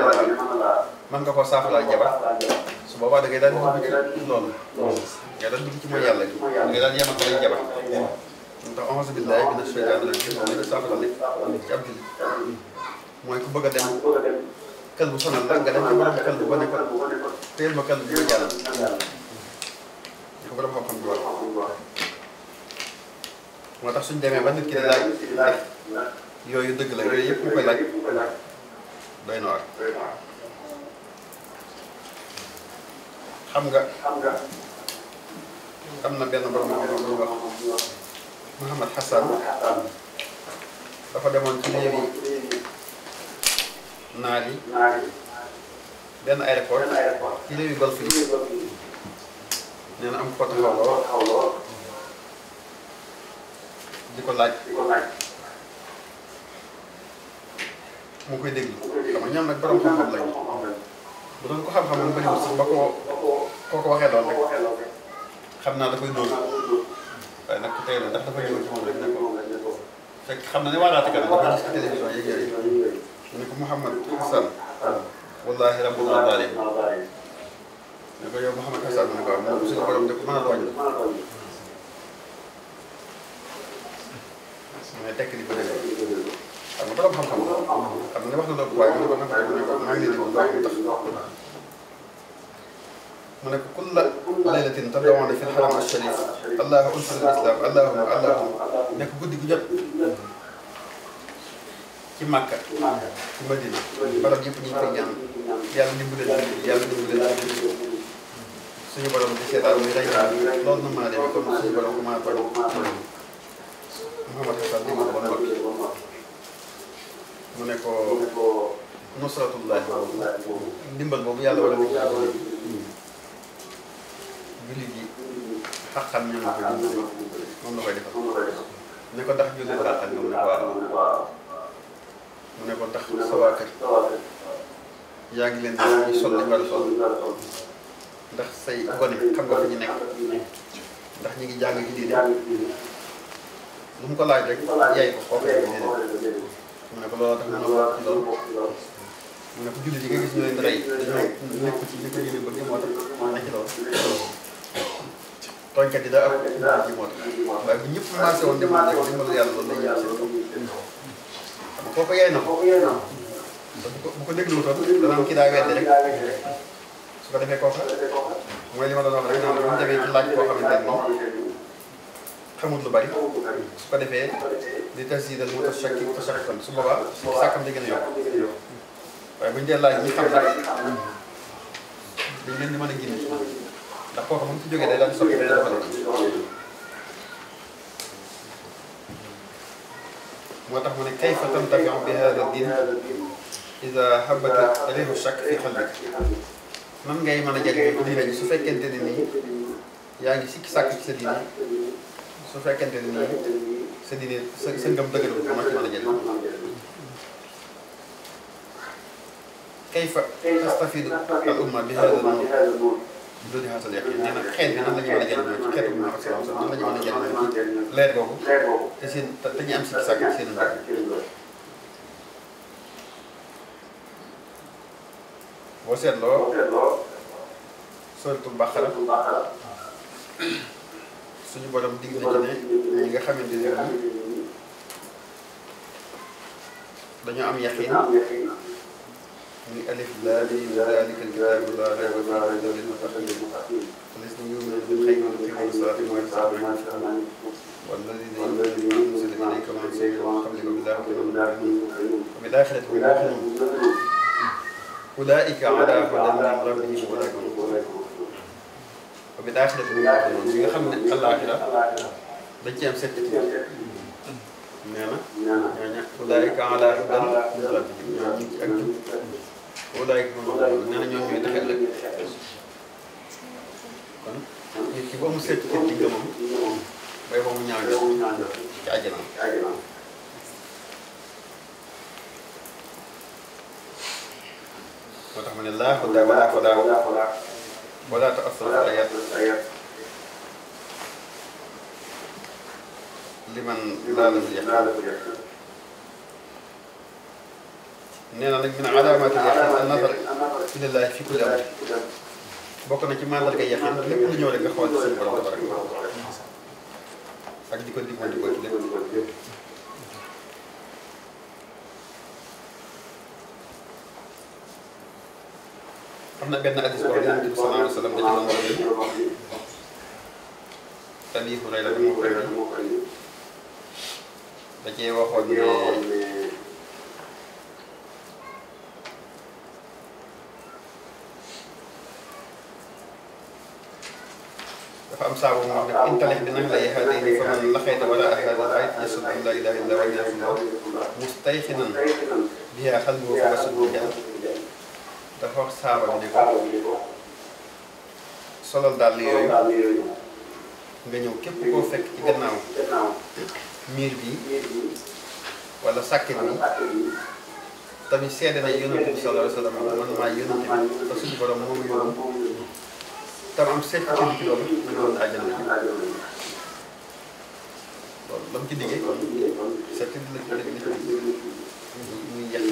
laal mën nga koo saafaraal jabar su boobaa da ngay daal di dugg ci loolu. ci mooy yàlla gi da ngay daal yemal ko lay jabar. mooy ku bëgg a dem. kal bu sonal la nga def ko borom kal bu ba ne ko teel ma kal bu ñu jàll ko borom moo xam di wax moo tax suñ demee ba nit ki di laaj yooyu dëgg la yooyu yëpp ñu koy laaj doy na war xam nga am na benn borom bu ñu wax Mouhamad Hassan dafa demoon ci léegi naari benn aéroport ci réewi Golf yi nee na am ko taxaw lool di ko laaj mu koy déglu xam nga ñoom nag borom xam-xam lañu bu doon ko xam-xam bëriwul sax ba ko koo ko waxee lool rek xam naa da koy dóor waaye nag ku tey la ndax dafa ñëw ci moom rek ne ko fekk xam na ne waaraate kanam dafa gis ci télévision yeeg yooyu mu ne ko Mouhamad Hassan wallaahi rabbul ko yow mu ne mu ne mu ne mu ne mu ne mu ne ko kulla laylatin fi l-haram ash-sharif allaahu nekk guddi gi jot ci Màkka. ci Màkka ci Madina. barab yëpp ñu ngi koy ñaan. yàlla dimbali leen di yàlla dimbali leen di suñu borom di seetaan muy rey daal loolu na mën a demee comme suñu borom mën a bëri. Mouhamad Hassan di ma ko mbokk mu ne ko nusratullah boobu ndimbal boobu yàlla war a dimbali. jullit yi xaqan ñu ne ko dimbali moom la koy defal. ne ko ndax jullit xaqan ñoom ne ko waaw. mu ne ko ndax sa waa kër yaa ngi leen di ñu sol li war a sol ndax say gone xam nga fi ñu nekk ndax ñu ngi jàng ci diine lu mu ko laaj rek yaay ko kooku yaay ko déedéet mu ne ko looloo tax mu ne ko loolu mu ko jullit yi nga gis ñu leen di rey ci li ko diine bëgg moo tax na ci am moo tax waaye bu ñëpp marché woon kooku yaay na kooku yaay na bu ko dégluwutoon danaam kii daa weddi rek su ko defee kooka mooy li ma doon wax rek naan bu ñu demee ci laaj koo xamante ni moom xamut lu bari su ko defee di tas yi dañ mu tas chaque tas chaque fan su boobaa sàkkam di gën a yokk waaye bu ñu dee laaj ñi xam nag dañ leen di mën a génne ndax kooka moom ci jógee day daal di soppi beneen moo tax mu ne kayfa tantafiu bi hada din ida habata rihu shakk fi qalbik man ngay mën a jëriñoo lii lañ su fekkente ne nii yaa ngi sikki sàkk ci sa diine su fekkente ne nii sa diine sa sa a jëriñoo kayfa tastafidu al umma bi dodi xaasal yàq nee na xeet bi ñu mën a jëriñoo ci xeetu Muhammad sallallahu alayhi wa sallam nan la ñu mën a jëriñoo te seen te ñu am si sàkk seen boo seetloo sooratul Baqara suñu borom digg na ci ne ñi nga xamante ne dañoo am yaqiin muy alif laam miim zaalika l-kitaabu laa rayba fiihi hudan lil-muttaqiin allaziina yu'minuuna bil-ghaybi wa yuqiimuuna s-salaata wa mimmaa razaqnaahum yuunfiquun wallaziina yu'minuuna bimaa unzila ilayka wa unzila min qablika wa bil-aaxirati hum yuuqinuun ulaa'ika alaa hudan min rabbihim wa bil-aaxirati hum yuuqinuun ñi nga xam ne àllaaxira dañ ci am certitude nee na ñooñu ulaa'ika alaa hudan min rabbihim ñooñu ci ak jub walaay ko nee na ñoom ñooy tax ëllëg kon nit ki ba mu seet ci diggamam bay ba mu ñaaw jot ci àjjanaam moo tax ma ne laa ko daa walaa ko daa walaa ta asra ayat liman laa la nee na nag min alaamati yaqin an nazar ilallaahi fi kulli amri bokk na ci mandarga yaqin lépp lu ñëw rek nga xool ci suñu borom tabaraka ak di ko dimandikoo ci lépp am na benn hadis boo xam ne bi sallallahu alayhi wa sallam dañu doon wax ni Abi Hurayra moo koy da cee waxoon ne أمساهم إن تلحد نقل إحاده فمن لقيت ولا أحد الغيث يسد لا إله إلا وإنا في النار مستيقنا بها قلبه فبسد بها dafa wax saaba bi ne ko solal dàll yooyu nga ñëw képp koo fekk ci gannaaw miir bi wala sàkket bi tamit seede na yonent bi sallallahu alayhi wa man maa yonent bi te suñu borom moom yoroon tam am certitude ci mu ne woon na àjjana mu ci liggéey certitude la ci liggéey muy yàq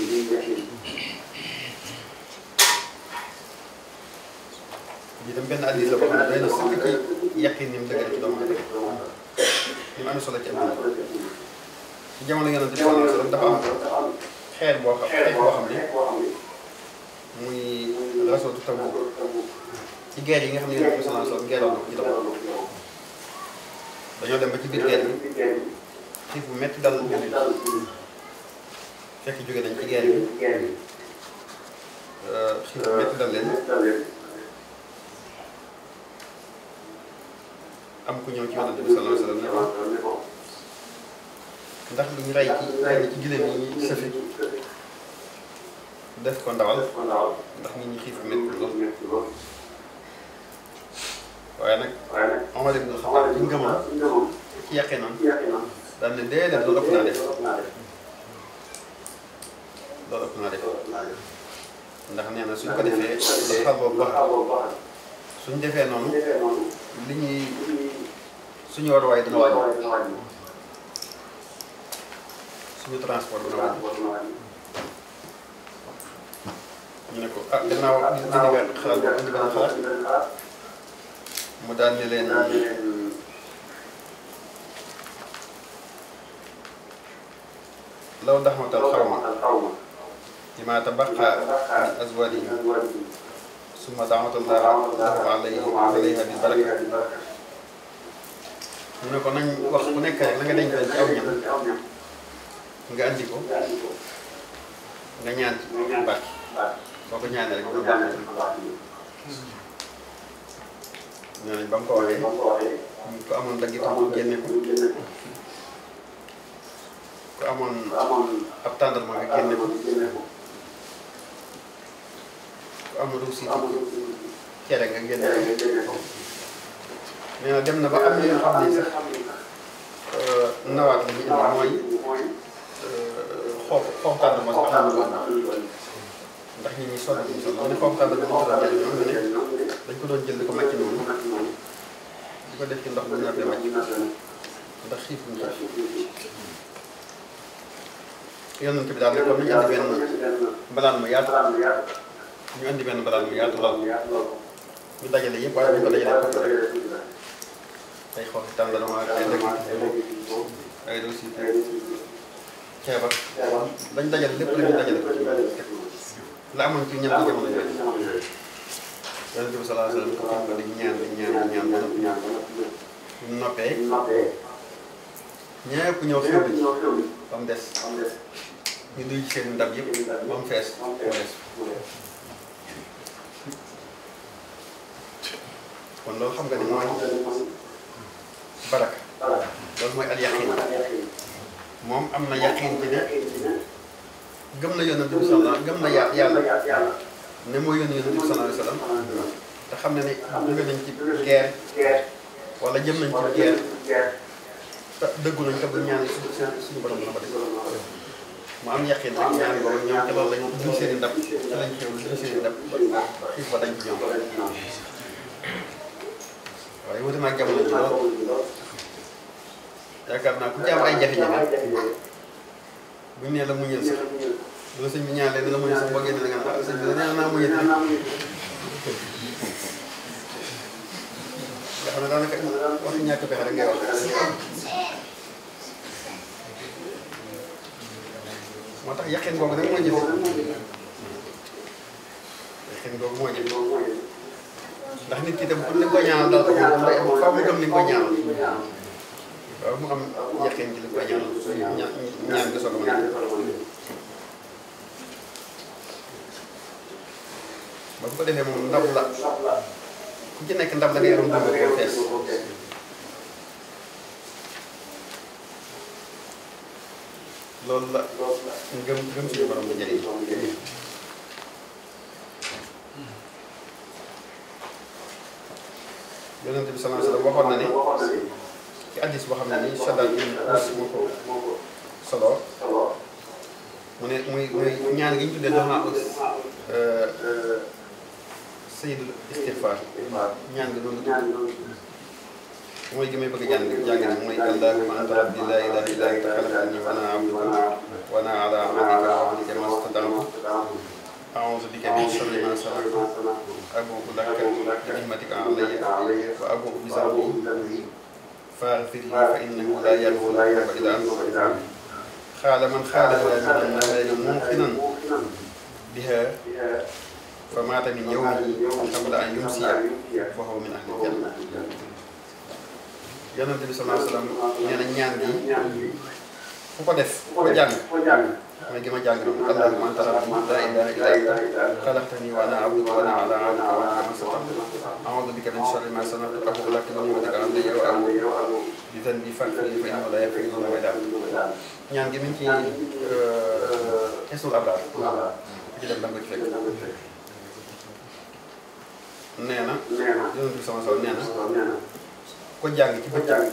yi tam benn addis la boo xam ne day na sëkk mu dëgër mu dafa xeer boo xam xeer boo xam ne muy ci guerre yi nga xam ne yéen a semence la guerre woon na ko ci dañoo ba ci biir bu métti dal nañu fekk jóge nañ ci guerre euh, ku ñëw ci yonent ndax lu ñu rey ci rey ci gileem yi sëfi def ko ndawal ndax nit ñi xiif bu métti waaye nag. waaye nag Omar ibn Khattab ci ngëmam ci yaqiinam daal ne déedéet loolu naa def loolu naa def ndax nee na suñ ko defee dafa xar boobu baax suñ defee noonu li ñuy suñu waruwaay dina wàññi suñu transport dina wàññi ñu ne ko ah dinaa wax dina xalaat boobu indi benn xalaat mu daal di leen law daxmatal xawma lima tabaqa min azwajihim summa daxmatullaah lahu alayha bi baraka mu ne ko nañ wax ku nekk rek la nga dencoon ci aw ñam nga andi ko nga ñaan ci barke boo ko ñaanee rek dina baax nee nañ ba mu ko waxee ku amoon dagg itam mu génne ko ku amoon ab tàndarma nga génne ko ku amoon ruusi cere nga génne ko nee na dem na ba am na yoo xam ne sax nawaat li ñu indi mooy xoof euh, xoof tàndarma nga xam ne ndax ñi ñuy sonn ñu sonn ñu ne xoof tàndarma nga xam ne dañ ko doon jël di ko màcc noonu di ko def ci ndox bu ñu naatee màcc ndax xiif bu ñu xiif yonent bi daal ne comme ñu andi benn mbalaan mu yaatu ñu mu ñu dajale yëpp waaye bu ñu ko dajalee bopp rek la ñu dajale ko ci la amoon ci ñetti jamono yooyu yonent bi sallallahu alayhi wa sallam ko di ñaan di ñaan di ñaan ba noppi noppee ñëpp ñëw xew bi ba mu des ñu duy seen ndab yëpp ba mu fees mu des kon loolu xam nga ni mooy baraka loolu mooy al yaqin moom am na yaqin ci ne gëm na yonent bi sallallahu gëm na yàlla ne moo yónni yonent bi sallallahu alayhi wasallam te xam ne ne jóge nañ ci guerre wala jëm nañ ci guerre dëggu nañ te bu ñaan suñu suñu borom dana ko def mu am yaqin rek ñaan boobu ñoom ci loolu lañ seen i ndab ci lañ xew duñ seen i ndab xiif ba ci yaakaar naa ku ci am ay jafe-jafe buñ ne la muñal sax loolu sëñ bi ñaan leen la mooy sax boo génnee nga mooy nga pexe rek moo tax yaqin boobu nag moo jëf yaqin boobu moo jëf ndax nit ki tam pour li nga koy ñaanal daal ko faaw mu gëm li nga koy ñaanal waaw mu am yaqin ci li nga koy ñaanal ñaan nga soog a mën ba ko defee moom ndab la ku ci nekk ndab la nga yoroon dund ko fees loolu la ngëm ngëm na ne ci hadiis boo xam ne nii sadal solo mu ne muy muy ñaan gi ñu tuddee dox naa sayyidul istighfar ñaan nga doon mooy gi may bëgg a jàng jàng ni mooy allahumma anta rabbi laa ilaaha illaa anta khalaqtani wa ana abduka wa ana ala ahdika wa wa'dika ma stata'tu أعوذ بك من شر ما صنعت أبوء لك بنعمتك علي وأبوء بذنبي فاغفر لي فإنه لا يغفر الذنوب إلا أنت خال من خالها من النهار موقنا بها فمات من يومه قبل أن يمسي فهو من أهل الجنة yonent bi sallallahu alayhi wa sallam nee na ñaan gi fu ko def fu ko jàng mooy gi ma jàng noonu allahumma anta rabbi laa ilaaha illaa anta xalaqtanii wa ana abduka wa ana alaa ahdika wa ahsanta a'uudu bika min sharri maa sana'tu atuubu ilayka wa ni'matuka alayya wa atuubu bi dhanbii faghfirlii fa innahu laa yaghfiru dhunuuba illaa anta ñaan gi mi ngi ci xesul abraar ku ci dem da nga ko ci fekk nee na. nee sama saw nee ko jàng ci bëccëg.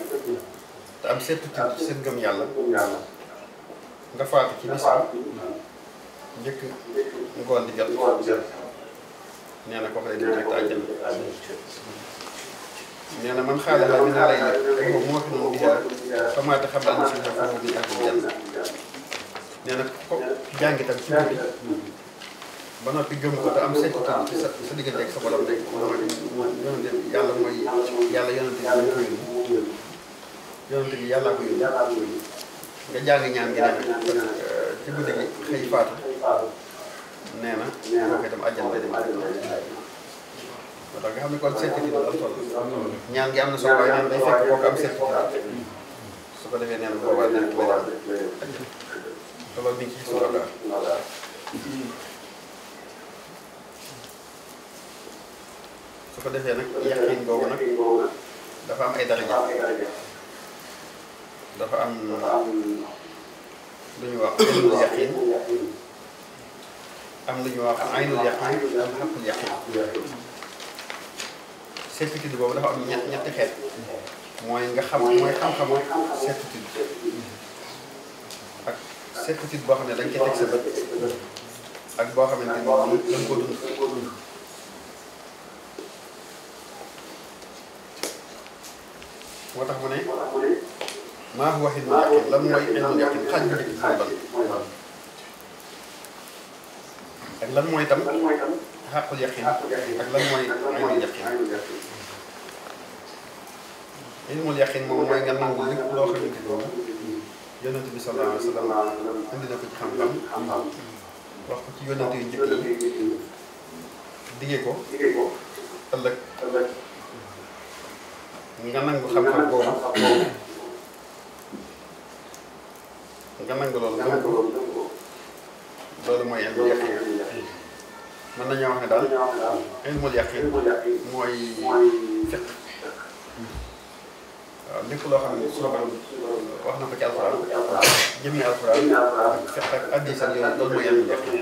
te am certitude ci seen gëm yàlla. nga faatu ci bis bi. njëkk ngoon di jot. nee na koo xam ne dina na man xaaral laa ñu ne lay nekk moom moo fi noonu di yàlla xamaate xam naa ne si ne foofu di àgg jàll. nee ko jàng itam ci bëccëg. ba noppi gëm ko te am seetlu tam ci sa sa diggante ak sa borom rek mooy yonente bi yàlla mooy yàlla yonente bi moo ko yónni yonente bi yàllaa ko yónni nga jàng ñaan gi ci guddi gi xëy faatu nee na kooku itam àjjana dem moo tax nga xam ne kon certitude am toll ñaan gi am na solo waaye naan day fekk am certitude su ko defee nee na boobaa nekk boobaa te loolu mi su ko defee nag yaqin boobu nag dafa am ay daraja dafa am lu ñu wax aynul yaqin am lu ñu wax aynul yaqin am xaqul yaqin certitude boobu dafa am ñett ñetti xeet mooy nga xam mooy xam-xamu certitude ak certitude boo xam ne dañ ca teg sa bët ak boo xamante ne da nga koo dund moo tax mu ne maa huwa ilmul yaqin lan mooy ilmul yaqin xaaj bu njëkk mooy ban ak lan mooy tam xaqul yaqin ak lan mooy aynul yaqin ilmul yaqin moom mooy nga nangu lépp loo xamante ni yonent bi sallallahu alayhi wa sallam indi na ko ci xam-xam wax ko ci yonent yu njëkk yi digee ko ëllëg ñi nga nangu xam-xam boobu nga nangu loolu gëm ko loolu mooy ilmul yaqin mën nañoo wax ne daal ilmul yaqin mooy fiq waaw lépp loo xam ne suñu borom wax na ko ci alxuraan jëmmi alxuraan ak fiq loolu mooy ilmul yaqin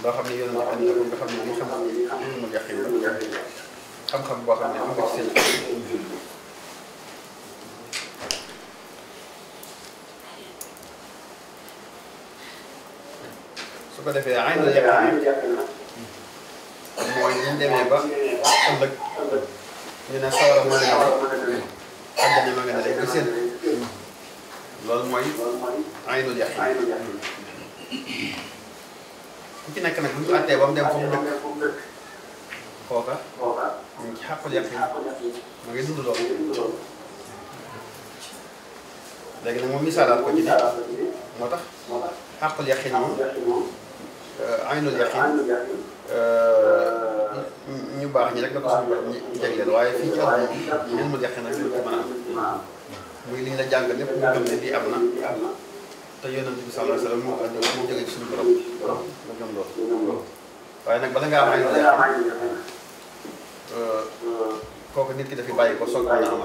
loo xam ne yoon na ko nga xam ne li xam ilmul xam-xam boo xam ne am nga ci sëñ su ko defee ay na jàpp mooy ñu demee ba ëllëg ñu ne sawara ma nga ne àddina ma nga ne rek seen loolu mooy ay na jàpp ku ci nekk nag bu ñu àttee ba mu dem fa mu dëkk kooka ñu ngi ci xàqul yàq yi ngi dund moom misaalaat ko ci ne moo tax xàqul yàqin moom aynul yàqin ñu baax ñi rek da ko suñu borom ñu waaye fii ci àdduna moom muy li la jàng lépp mu gëm ne lii am na te yonent bi sallallahu alayhi waaye nag bala ngaa am aynul yàqin Euh, kooku nit ki dafi bàyyi ko soog mën a am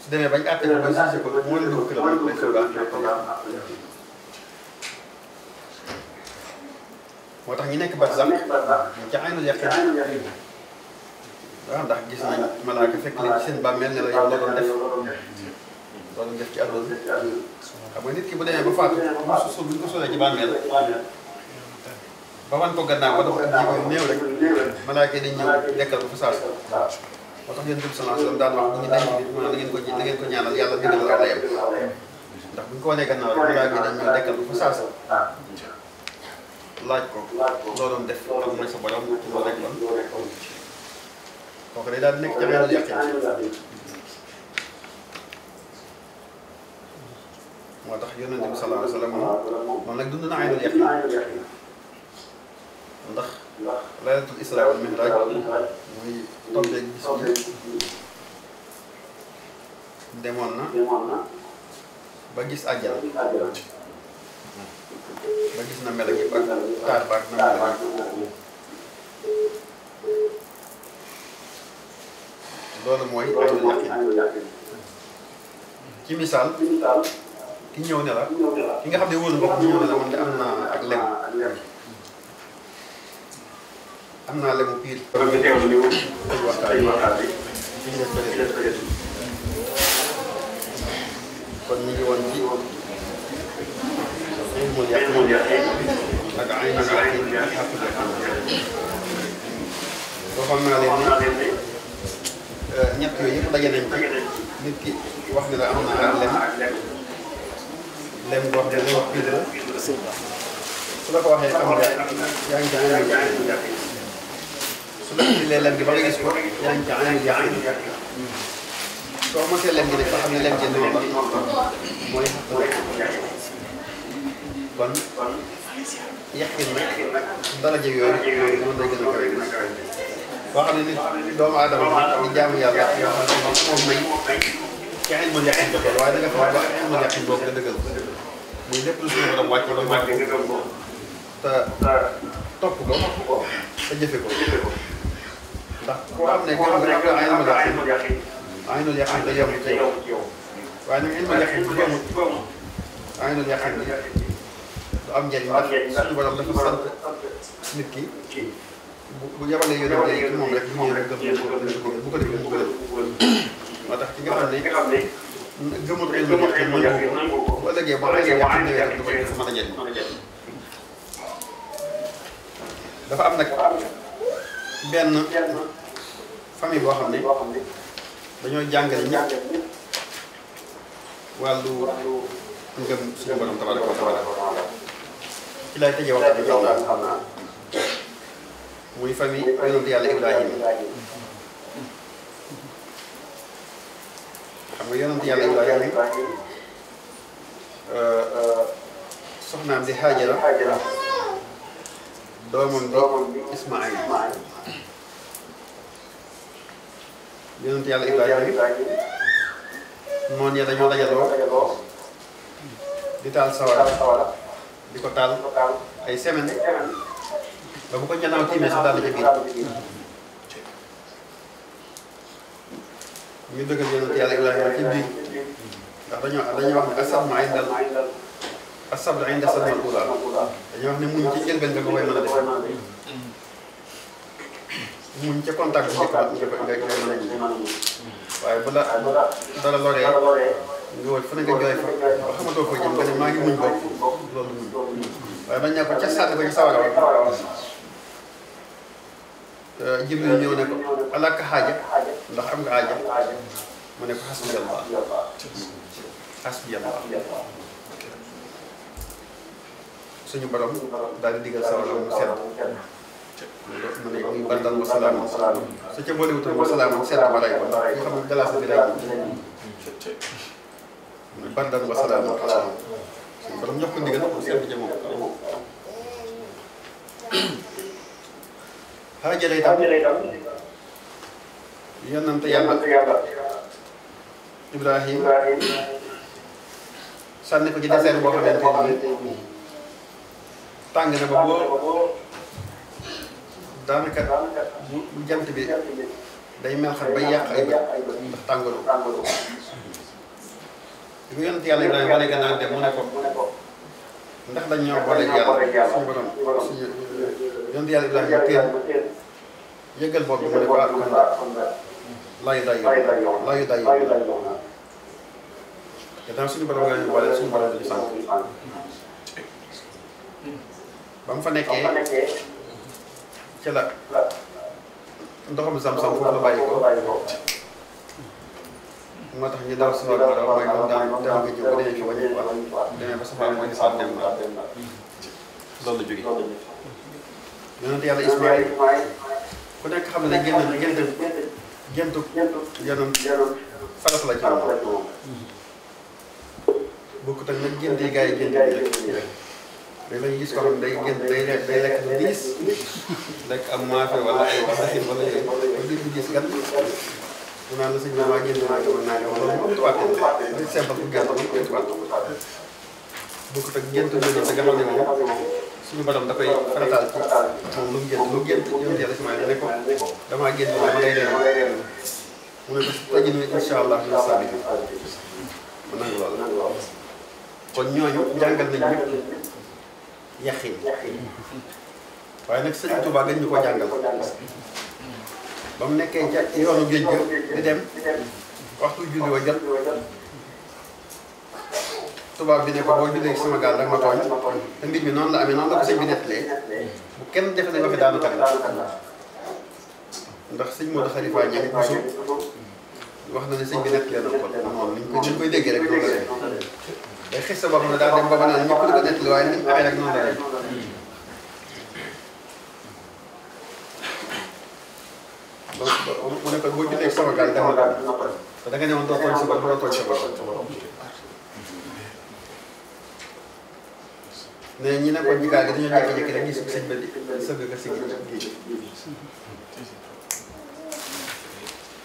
su demee bañ àtte ko ba jugé ko moo leen dugg kilomètre lañ soog a moo tax ñu nekk barsàq ñu ca aynul yaqin waaw ah, ndax gis nañ malaaka fekk leen seen bàmmeel ne la yow la doon def loolu def ci àdduna xam nga nit ki bu demee ba faatu su suuf bu ñu ko solee ci ba wan ko gannaaw wala ko néew rek malaaka yi dañ ñëw dekkal ko fa saa su moo tax yéen dub salance daan wax bu ñu dañ nit maanaam da ngeen ko da ngeen ko ñaanal yàlla gën a la layam ndax bu ñu ko wanee gannaaw rek malaaka yi dañ ñëw dekkal ko fa saa su laaj ko loo doon def am mooy sa borom loo rek lan kooku day daal nekk ca benn yàqin moo tax yonent bi sallallahu alayhi wa sallam moom nag dund na aynul yaqin ndax laylatul isra wal mi'raj muy tombé bis bi demoon na ba gis àjjana ba gis na mel ak ak taar ba ak na mel ak loolu mooy ci misaal ki ñëw ne ki nga xam ne wóolu bopp ñëw ne la de am naa ak lenn am naa lemu piir. kon ñu teewlu li waxtaan bi waxtaan bi. kon ñu ngi woon ci woon. ilmul yaqiin ak aynul yaqiin waxoon naa leen ni eh, ñett yooyu yëpp daje nañ ko nit ki wax ne la am naa lem lem boo xam ne li wax piir la su la ko waxee am yaa ngi ci aynul yaqiin leen lem gi ba nga gis ko yaa ngi caa yaa ngi caa soo mosee lem gi nag ba xam ne lem gi noonu mooy kon yaqin nag daraja yooyu yooyu noonu lay gën a kawe boo xam ne nit doomu aadama di jaamu yàlla yoo xam ne moom may ci ilmul yaqin ko waaye da nga fa ba ilmul yaqin boobu nga dëggal muy lépp lu suñu borom wàcc wala wàcc ko te topp ko te jëfe ko ndax koo xam ne kenn ku nekk da ngay mën a yàq maa ngi doon yàqal day yemul ci yow waaye nag il ma yàqal du amul maa ngi doon yàqal du am njëriñ ndax suñu borom dafa sant nit ki bu bu yabalee yónnee day ci moom rek ñu ñëw gëm ko bu ko defee mu gërëm moo tax ki nga xam ne gëmul xel mu nekk mën ko bu ëllëgee boo xasee yàq ñëwee rek du ko mën a njëriñ dafa am nag benn. famille boo xam ne dañoo jàngale ñëpp wàllu ngëm suñu borom tabaraka wa taala ci laay tëjee waxtaan bi xam naa muy famille yonent yàlla Ibrahima xam nga yonent yàlla Ibrahima euh, euh, Haajara doomam di Ismaayil yonent yàlla Ibrahima noonu yàlla ñoo dajaloo di taal sawara di ko taal ay semaine ba bu ko ñanaaw tiimee sax na di génn ñu dëggal yonent yàlla Ibrahima ci biir ndax dañoo dañoo wax ne asab ma ay ndal asab la ay ndasal ma dañoo wax ne muñ ci njëlbeen nga ko koy mën a def muñ ca contact bi nga mën a waaye bu la dara loree nga wër fu ne nga fa xamatoo ko jëm nga ne ngi muñ bopp loolu muñ waaye bañ ne ko ca sànni ko ci sawara wa euh, Jibril ñëw ne ko alaka xaaja ndax am nga aaja mu ne ko xasbi Allah xasbi Allah suñu borom daal di sawara mu sedd mu ne muy bardan wa salaam su ca boole ko nga xam ne galaas bi rey ko muy bardan wa salaam ak salaam suñu borom jox ko ndigal ko seet ja moom xaaja lay Ibrahim sànni ko ci désert boo xamante ne ba boo daanaka bu bu jant bi day mel xam bay yàq ay bët ndax tàngooroo. li ko yonent yàlla Ibrahima wane gannaaw dem mu ne ko ndax dañ ñoo boole yàlla suñu borom suñu yonent yàlla Ibrahima teel yëgal bopp bi mu ne ko ah kon laayu dayu laayu dayu gannaaw suñu borom nga ñu boole suñu borom dañu sànq ba mu fa nekkee. ci la ndoxam sam-sam foofu la ko moo tax ñu daal suñu wàllu daal mooy comme daan daan nga jiw ba dañuy fi wàññi quoi demee ba sama mooy sax dem na loolu la jógee. yonent yàlla Ismaïl ku nekk xam ne génn gént géntu yonent farata la ci moom bokkut ak nag gént yi gars yi gént yi rek. léegi ko xam day génn day lekk la sëñ bi maa génn naa demoon naa demoon loolu moom tubaab kenn de lu simple bu gàtt moom koy tubaab te nga xam ne moom suñu borom da koy farataal ci moom lu mu gént lu gént yonent yàlla si maa ne ko damaa génn moom ma day leen mu ne ma nangu loolu kon ñooñu jàngal nañ yaqin waaye nag sëñ Touba dañ ñu ko jàngal ba mu nekkee ja yoonu géej ga di dem waxtu julli wa jot tubaab bi ne ko boo jullee ci sama gaal rek ma tooñ te mbir mi noonu la amee noonu la ko sëñ bi nettalee bu kenn defe ne fi daanu tamit ndax sëñ Modou Khalifa ñaari mosul wax na ne sëñ bi nettalee na ko kon moom déggee rek noonu la day xis sa bopp na daal dem ba ba naan ñëpp di ko nettali waaye ni amee rek noonu la rek donc mu ne ko boo jotee sama gaal dama ko te da nga ñëwoon doo tooñ sa bopp doo tooñ sa bopp mais ñi ne ko ñi gaal gi dañoo jékki-jékki rek gis sëñ bi sëgg ka si gi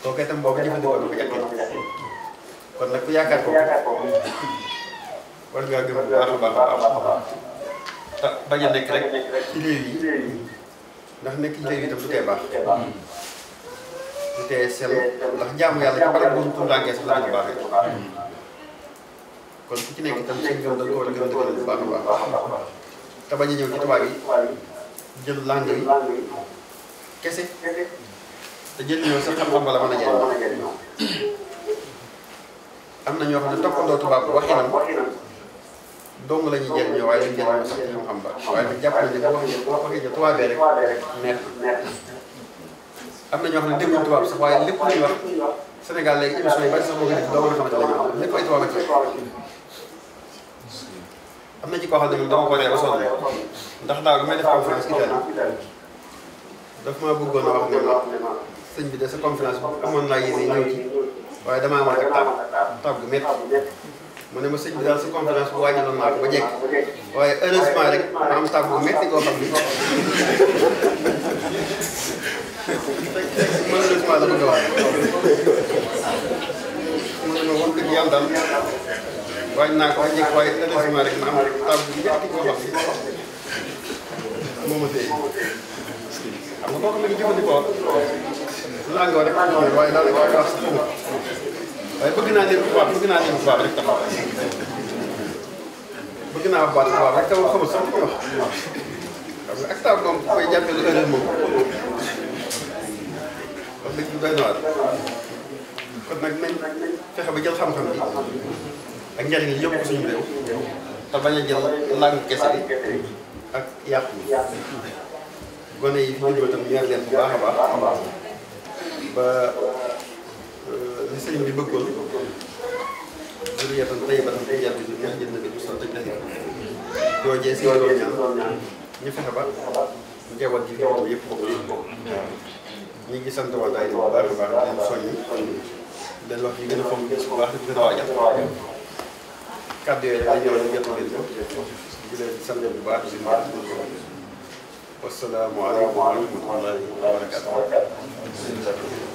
kooku itam boobu jëfandikoo na ko yàqee kon nag ku yaakaar ko war ngaa gëm a a bañ a nekk rek ci léew ndax nekk ci léew yi du tee baax du tee sell ndax jaamu yàlla ci barab boobu tuuraangee sax la ko baaxee kon ku ci nekk itam seen gëm da nga ko war a gëm dëgëral bu baax a baax te bañ a ñëw ci tubaab yi jël làng yi kese te jël ñëw sax xam-xam bala mën a jëriñoo am na ñoo xam ne toppandoo tubaab bi waxinam dong la ñuy jëriñoo waaye duñ jëriñoo sax ci xam-xam ba nañ ne boo waxee boo waxee tubaab rek neex na am lépp ko def doo mën a am na ci koo xam def conférence Italie daf bi de sa amoon naa waaye damaa amoon ak mu ne ma sëñ bi daal sa conférence bu wàññiloon maa ko ba jekk waaye heureusement rek ma am tàggu métti koo xam ni malheureusement la bëgg a wax mu ne ma wax dëgg yàlla daal wàññi naa ko ba jekk waaye heureusement rek ma am tàggu métti koo xam ni moo ma téye xam nga kooku la ñu jëfandikoo rek waaye daal waaye bëgg naa dégg tubaab bëgg naa dégg tubaab rek taxaw bëgg a jël baax a baax Euh, li sëriñ bi bëggoon zuriyatan tayyibatan day yàgg ñu ñaax jënd bi sant ak daxir joojee si wàllu ñaan ñu fexe ba njaboot ji fi am yëpp ñu ngi sant wàllu ay bu baax a baax di leen soññi dañ wax ñu gën a fonk bu baax di gën a waajal kàddu yooyu dañ ñëw rek jot ngeen ko di leen bu baax di leen wassalaamu aleykum wa rahmatullaahi wa barakaatuh